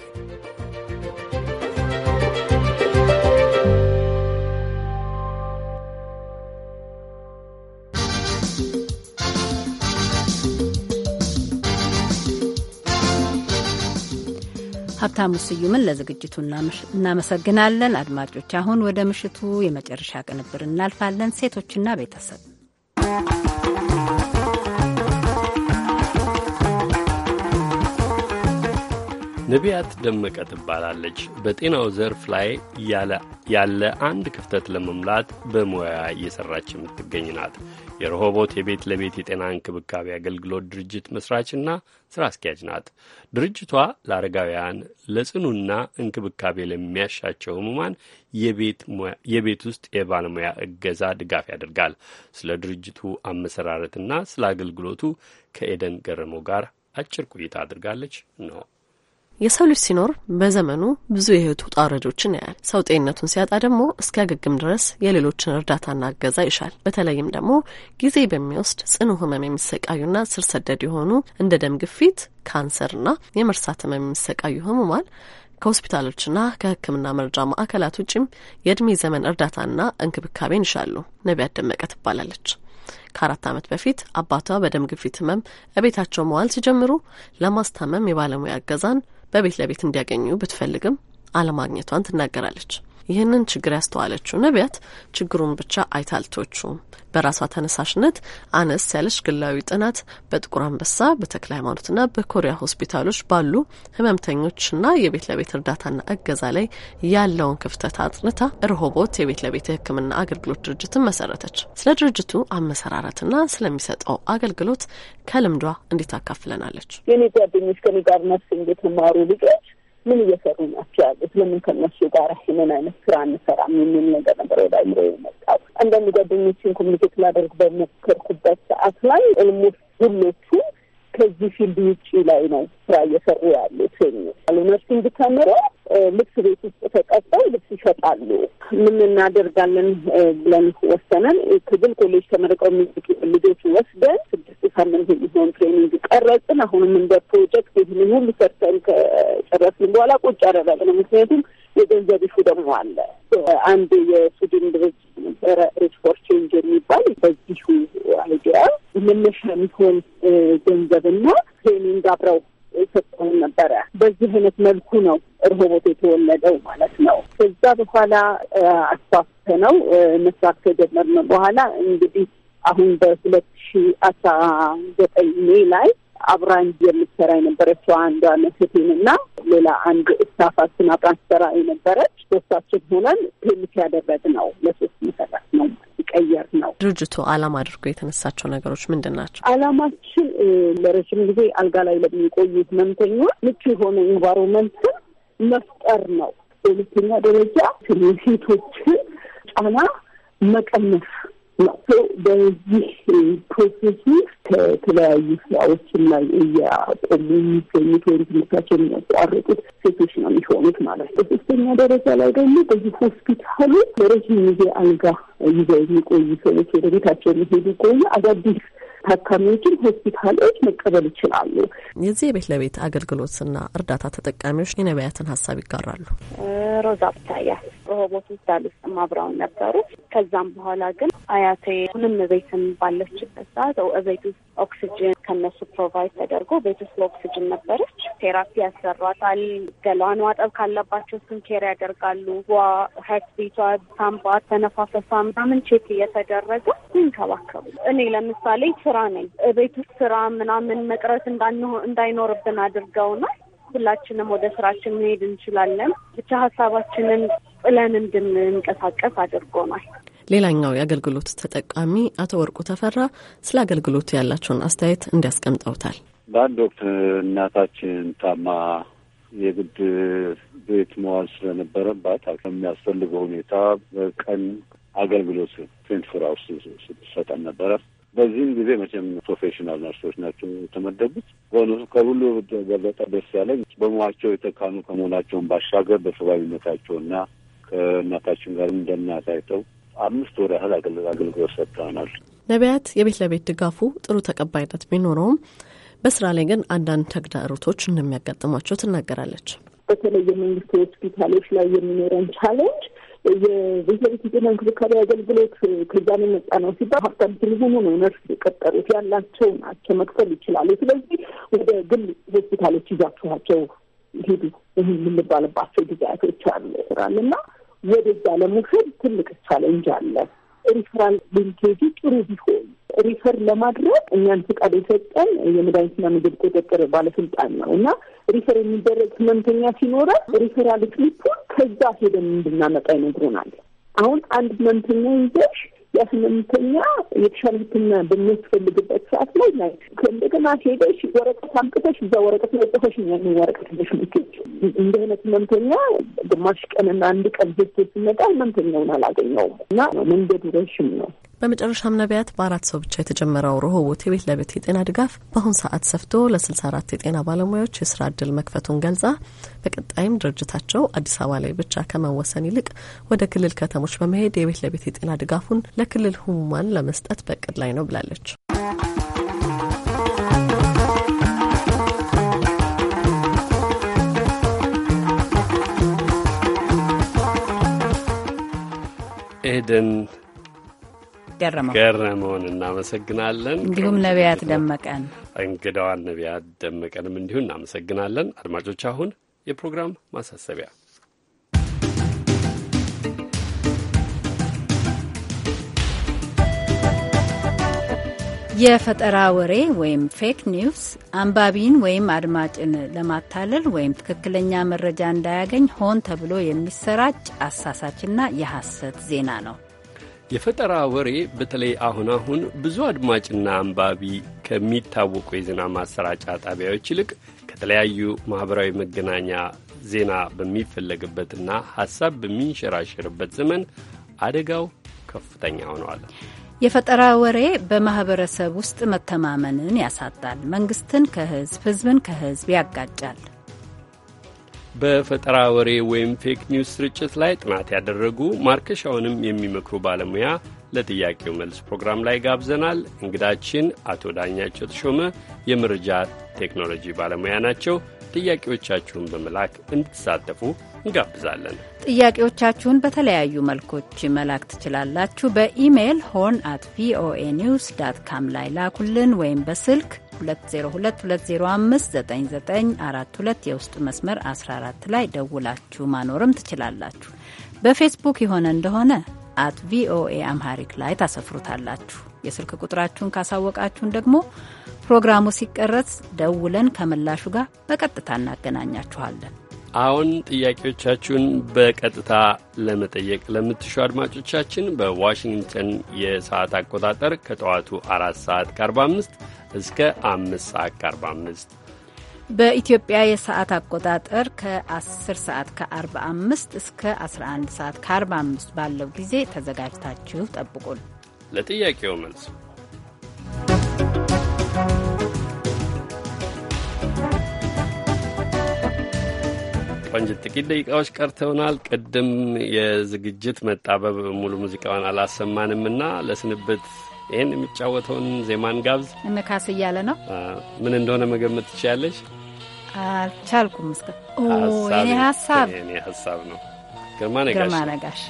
ሀብታሙ ስዩምን ለዝግጅቱ እናመሰግናለን። አድማጮች፣ አሁን ወደ ምሽቱ የመጨረሻ ቅንብር እናልፋለን። ሴቶችና ቤተሰብ ነቢያት ደመቀ ትባላለች። በጤናው ዘርፍ ላይ ያለ አንድ ክፍተት ለመሙላት በሙያ እየሰራች የምትገኝ ናት። የረሆቦት የቤት ለቤት የጤና እንክብካቤ አገልግሎት ድርጅት መስራችና ስራ አስኪያጅ ናት። ድርጅቷ ለአረጋውያን ለጽኑና እንክብካቤ ለሚያሻቸው ህሙማን የቤት ውስጥ የባለሙያ እገዛ ድጋፍ ያደርጋል። ስለ ድርጅቱ አመሰራረትና ስለ አገልግሎቱ ከኤደን ገረመው ጋር አጭር ቆይታ አድርጋለች ነው የሰው ልጅ ሲኖር በዘመኑ ብዙ የህይወት ውጣ ውረዶችን ያያል። ሰው ጤንነቱን ሲያጣ ደግሞ እስኪያገግም ድረስ የሌሎችን እርዳታና እገዛ ይሻል። በተለይም ደግሞ ጊዜ በሚወስድ ጽኑ ህመም የሚሰቃዩና ስር ሰደድ የሆኑ እንደ ደም ግፊት፣ ካንሰርና የመርሳት ህመም የሚሰቃዩ ህሙማን ከሆስፒታሎችና ከህክምና መርጃ ማዕከላት ውጭም የእድሜ ዘመን እርዳታና እንክብካቤን ይሻሉ። ነቢያት ደመቀ ትባላለች። ከአራት ዓመት በፊት አባቷ በደም ግፊት ህመም እቤታቸው መዋል ሲጀምሩ ለማስታመም የባለሙያ እገዛን በቤት ለቤት እንዲያገኙ ብትፈልግም አለማግኘቷን ትናገራለች። ይህንን ችግር ያስተዋለችው ነቢያት ችግሩን ብቻ አይታልቶቹም። በራሷ ተነሳሽነት አነስ ያለች ግላዊ ጥናት በጥቁር አንበሳ በተክለ ሃይማኖትና በኮሪያ ሆስፒታሎች ባሉ ህመምተኞችና የቤት ለቤት እርዳታና እገዛ ላይ ያለውን ክፍተት አጥንታ ርሆቦት የቤት ለቤት የህክምና አገልግሎት ድርጅትን መሰረተች። ስለ ድርጅቱ አመሰራረትና ስለሚሰጠው አገልግሎት ከልምዷ እንዴት አካፍለናለች። የኔ ጓደኞች ከኔ ጋር ነርሲንግ እንደተማሩ ልጆች ምን እየሰሩ ናቸው ያሉት? ለምን ከነሱ ጋር ይህንን አይነት ስራ እንሰራም የሚል ነገር ነበር ወደ አይምሮ የመጣው። አንዳንድ ጓደኞችን ኮሚኒኬት ላደርግ በሞከርኩበት ሰዓት ላይ ኦልሞስት ሁሎቹ ከዚህ ፊልድ ውጭ ላይ ነው ስራ እየሰሩ ያሉት። ነርሲንግ ተምረው ልብስ ቤት ውስጥ ተቀጠው ልብስ ይሸጣሉ። ምን እናደርጋለን ብለን ወሰነን። ትግል ኮሌጅ ተመርቀው የሚወጡ ልጆች ወስደን ስድስት ሳምንት የሚሆን ትሬኒንግ ቀረጽን። አሁንም እንደ ፕሮጀክት ይህንን ሁሉ ሰርተን ከጨረስን በኋላ ቁጭ አደረግነው። ምክንያቱም የገንዘብ ኢሹ ደግሞ አለ። አንድ የሱድን ድርጅት ነበረ ሬት ቼንጅ የሚባል በዚሁ አይዲያ መነሻ የሚሆን ገንዘብና ትሬኒንግ አብረው ሰጠውን ነበረ። በዚህ አይነት መልኩ ነው እርሆቦት የተወለደው ማለት ነው። ከዛ በኋላ አስፋፍተ ነው መስራት ከጀመርነው በኋላ እንግዲህ አሁን በሁለት ሺ አስራ ዘጠኝ ሜ ላይ አብራኝ የምትሰራ የነበረችው አንዷ ነስቲን እና ሌላ አንድ ስታፋችን አብራኝ ትሰራ የነበረች ሶስታችን ሆነን ፔልስ ያደረግ ነው ለሶስት መሰራት ነው ቀየር ነው። ድርጅቱ አላማ አድርጎ የተነሳቸው ነገሮች ምንድን ናቸው? አላማችን ለረጅም ጊዜ አልጋ ላይ ለሚቆዩ ህመምተኞች ምቹ የሆነ ኢንቫይሮንመንትን መፍጠር ነው። በሁለተኛ ደረጃ ሴቶችን ጫና መቀነስ በዚህ ፕሮሴስ ውስጥ ከተለያዩ ስራዎችን ላይ እያቆሙ የሚገኙት ወይም ትምህርታቸውን የሚያቋርጡት ሴቶች ነው የሚሆኑት ማለት ነው። በሶስተኛ ደረጃ ላይ ደግሞ በዚህ ሆስፒታሉ ለረዥም ጊዜ አልጋ ይዘው የሚቆዩ ሰዎች ወደ ቤታቸው የሚሄዱ ከሆነ አዳዲስ ታካሚዎችን ሆስፒታሎች መቀበል ይችላሉ። የዚህ የቤት ለቤት አገልግሎትና እርዳታ ተጠቃሚዎች የነቢያትን ሀሳብ ይጋራሉ። ሮዛ ብታያ ሮቦት ሆስፒታል ውስጥ አብረውን ነበሩ። ከዛም በኋላ ግን አያቴ ሁንም ቤትም ባለችበት ሰዓት እቤት ውስጥ ኦክሲጅን ከነሱ ፕሮቫይድ ተደርጎ ቤት ውስጥ በኦክሲጅን ነበረች። ቴራፒ ያሰሯታል። ገሏን ማጠብ ካለባቸው እሱን ኬር ያደርጋሉ። ዋ ሀት ቤቷ ሳምባ፣ ተነፋፈሷ ምናምን ቼክ እየተደረገ ይንከባከቡ። እኔ ለምሳሌ ስራ ነኝ እቤት ውስጥ ስራ ምናምን መቅረት እንዳይኖርብን አድርገውናል። ሁላችንም ወደ ስራችን መሄድ እንችላለን። ብቻ ሀሳባችንን ጥለን እንድንንቀሳቀስ አድርጎናል። ሌላኛው የአገልግሎት ተጠቃሚ አቶ ወርቁ ተፈራ ስለ አገልግሎቱ ያላቸውን አስተያየት እንዲያስቀምጠውታል። በአንድ ወቅት እናታችን ታማ የግድ ቤት መዋል ስለነበረባት ከሚያስፈልገው ሁኔታ በቀን አገልግሎት ትዌንቲ ፎር አውርስ ስትሰጠን ነበረ። በዚህም ጊዜ መቼም ፕሮፌሽናል ነርሶች ናቸው የተመደቡት። በሆኑ ከሁሉ በበለጠ ደስ ያለኝ በሙያቸው የተካኑ ከመሆናቸውን ባሻገር በሰብአዊነታቸውና ከእናታችን ጋር እንደናት አምስት ወር ያህል አገልግሎት ሰጥተናል። ነቢያት የቤት ለቤት ድጋፉ ጥሩ ተቀባይነት ቢኖረውም በስራ ላይ ግን አንዳንድ ተግዳሮቶች እንደሚያጋጥሟቸው ትናገራለች። በተለይ የመንግስት ሆስፒታሎች ላይ የሚኖረን ቻሌንጅ የቤት ለቤት ጤና እንክብካቤ አገልግሎት ከዛ ነው የመጣ ነው ሲባል ሀብታም ስለሆኑ ነው ነርስ የቀጠሩት ያላቸው ናቸው፣ መክፈል ይችላሉ። ስለዚህ ወደ ግል ሆስፒታሎች ይዛችኋቸው ሄዱ የምንባልባቸው ጊዜያቶች አሉ ራልና ወደዛ ለመውሰድ ትልቅ ቻለንጅ አለ። ሪፈራል ሊንኬጁ ጥሩ ቢሆን ሪፈር ለማድረግ እኛን ፍቃድ የሰጠን የመድኃኒትና ምግብ ቁጥጥር ባለስልጣን ነው እና ሪፈር የሚደረግ ህመምተኛ ሲኖረ ሪፈራል ስሊፑን ከዛ ሄደን እንድናመጣ ይነግሩናል። አሁን አንድ ህመምተኛ ይዘሽ ለስምንተኛ የተሻለ ህክምና በሚያስፈልግበት ሰዓት ላይ ላይ እንደገና ሄደሽ ወረቀት አምጥተሽ እዛ ወረቀት ላይ ጽፈሽ ያንን ወረቀት ለሽ ልትች እንደ አይነት ህመምተኛ ግማሽ ቀንና አንድ ቀን ዝግ ሲመጣ ህመምተኛውን አላገኘውም እና መንገዱ ረሽም ነው። በመጨረሻም ነቢያት በአራት ሰው ብቻ የተጀመረው ሮሆቦት የቤት ለቤት የጤና ድጋፍ በአሁን ሰዓት ሰፍቶ ለ64 የጤና ባለሙያዎች የስራ እድል መክፈቱን ገልጻ በቀጣይም ድርጅታቸው አዲስ አበባ ላይ ብቻ ከመወሰን ይልቅ ወደ ክልል ከተሞች በመሄድ የቤት ለቤት የጤና ድጋፉን ለክልል ህሙማን ለመስጠት በእቅድ ላይ ነው ብላለች። ኤደን ገረመው ገረመውን እናመሰግናለን። እንዲሁም ነቢያት ደመቀን እንግዳዋን ነቢያት ደመቀንም እንዲሁ እናመሰግናለን። አድማጮች አሁን የፕሮግራም ማሳሰቢያ የፈጠራ ወሬ ወይም ፌክ ኒውስ አንባቢን ወይም አድማጭን ለማታለል ወይም ትክክለኛ መረጃ እንዳያገኝ ሆን ተብሎ የሚሰራጭ አሳሳችና የሐሰት ዜና ነው። የፈጠራ ወሬ በተለይ አሁን አሁን ብዙ አድማጭና አንባቢ ከሚታወቁ የዜና ማሰራጫ ጣቢያዎች ይልቅ ከተለያዩ ማኅበራዊ መገናኛ ዜና በሚፈለግበትና ሐሳብ በሚንሸራሸርበት ዘመን አደጋው ከፍተኛ ሆነዋል። የፈጠራ ወሬ በማኅበረሰብ ውስጥ መተማመንን ያሳጣል። መንግሥትን ከሕዝብ፣ ሕዝብን ከህዝብ ያጋጫል። በፈጠራ ወሬ ወይም ፌክ ኒውስ ስርጭት ላይ ጥናት ያደረጉ ማርከሻውንም የሚመክሩ ባለሙያ ለጥያቄው መልስ ፕሮግራም ላይ ጋብዘናል። እንግዳችን አቶ ዳኛቸው ተሾመ የመረጃ ቴክኖሎጂ ባለሙያ ናቸው። ጥያቄዎቻችሁን በመላክ እንድትሳተፉ እንጋብዛለን። ጥያቄዎቻችሁን በተለያዩ መልኮች መላክ ትችላላችሁ። በኢሜይል ሆን አት ቪኦኤ ኒውስ ዳት ካም ላይ ላኩልን ወይም በስልክ 2022059942 የውስጥ መስመር 14 ላይ ደውላችሁ ማኖርም ትችላላችሁ። በፌስቡክ የሆነ እንደሆነ አት ቪኦኤ አምሃሪክ ላይ ታሰፍሩታላችሁ። የስልክ ቁጥራችሁን ካሳወቃችሁን ደግሞ ፕሮግራሙ ሲቀረጽ ደውለን ከምላሹ ጋር በቀጥታ እናገናኛችኋለን። አሁን ጥያቄዎቻችሁን በቀጥታ ለመጠየቅ ለምትሹ አድማጮቻችን በዋሽንግተን የሰዓት አቆጣጠር ከጠዋቱ አራት ሰዓት ከ45 እስከ አምስት ሰዓት ከአርባ አምስት በኢትዮጵያ የሰዓት አቆጣጠር ከ10 ሰዓት ከ45 እስከ 11 ሰዓት ከ45 ባለው ጊዜ ተዘጋጅታችሁ ጠብቁን። ለጥያቄው መልስ ቆንጅት ጥቂት ደቂቃዎች ቀርተውናል። ቅድም የዝግጅት መጣበብ ሙሉ ሙዚቃውን አላሰማንምና ለስንብት ይህን የሚጫወተውን ዜማን ጋብዝ እንካስ እያለ ነው። ምን እንደሆነ መገመት ትችያለሽ? አልቻልኩም። እስከ የኔ ሀሳብ የኔ ሀሳብ ነው። ግርማ ነጋሽ ግርማ ነጋሽ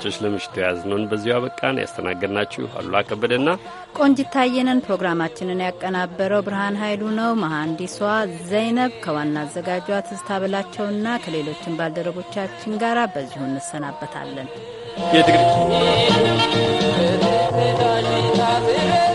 አድማጮች ለምሽቱ የያዝነውን በዚሁ አበቃን። ያስተናገድናችሁ አሉላ ከበደና ቆንጂት ታየነን። ፕሮግራማችንን ያቀናበረው ብርሃን ኃይሉ ነው። መሐንዲሷ ዘይነብ ከዋና አዘጋጇ ትዝታ ብላቸውና ከሌሎችን ባልደረቦቻችን ጋር በዚሁ እንሰናበታለን።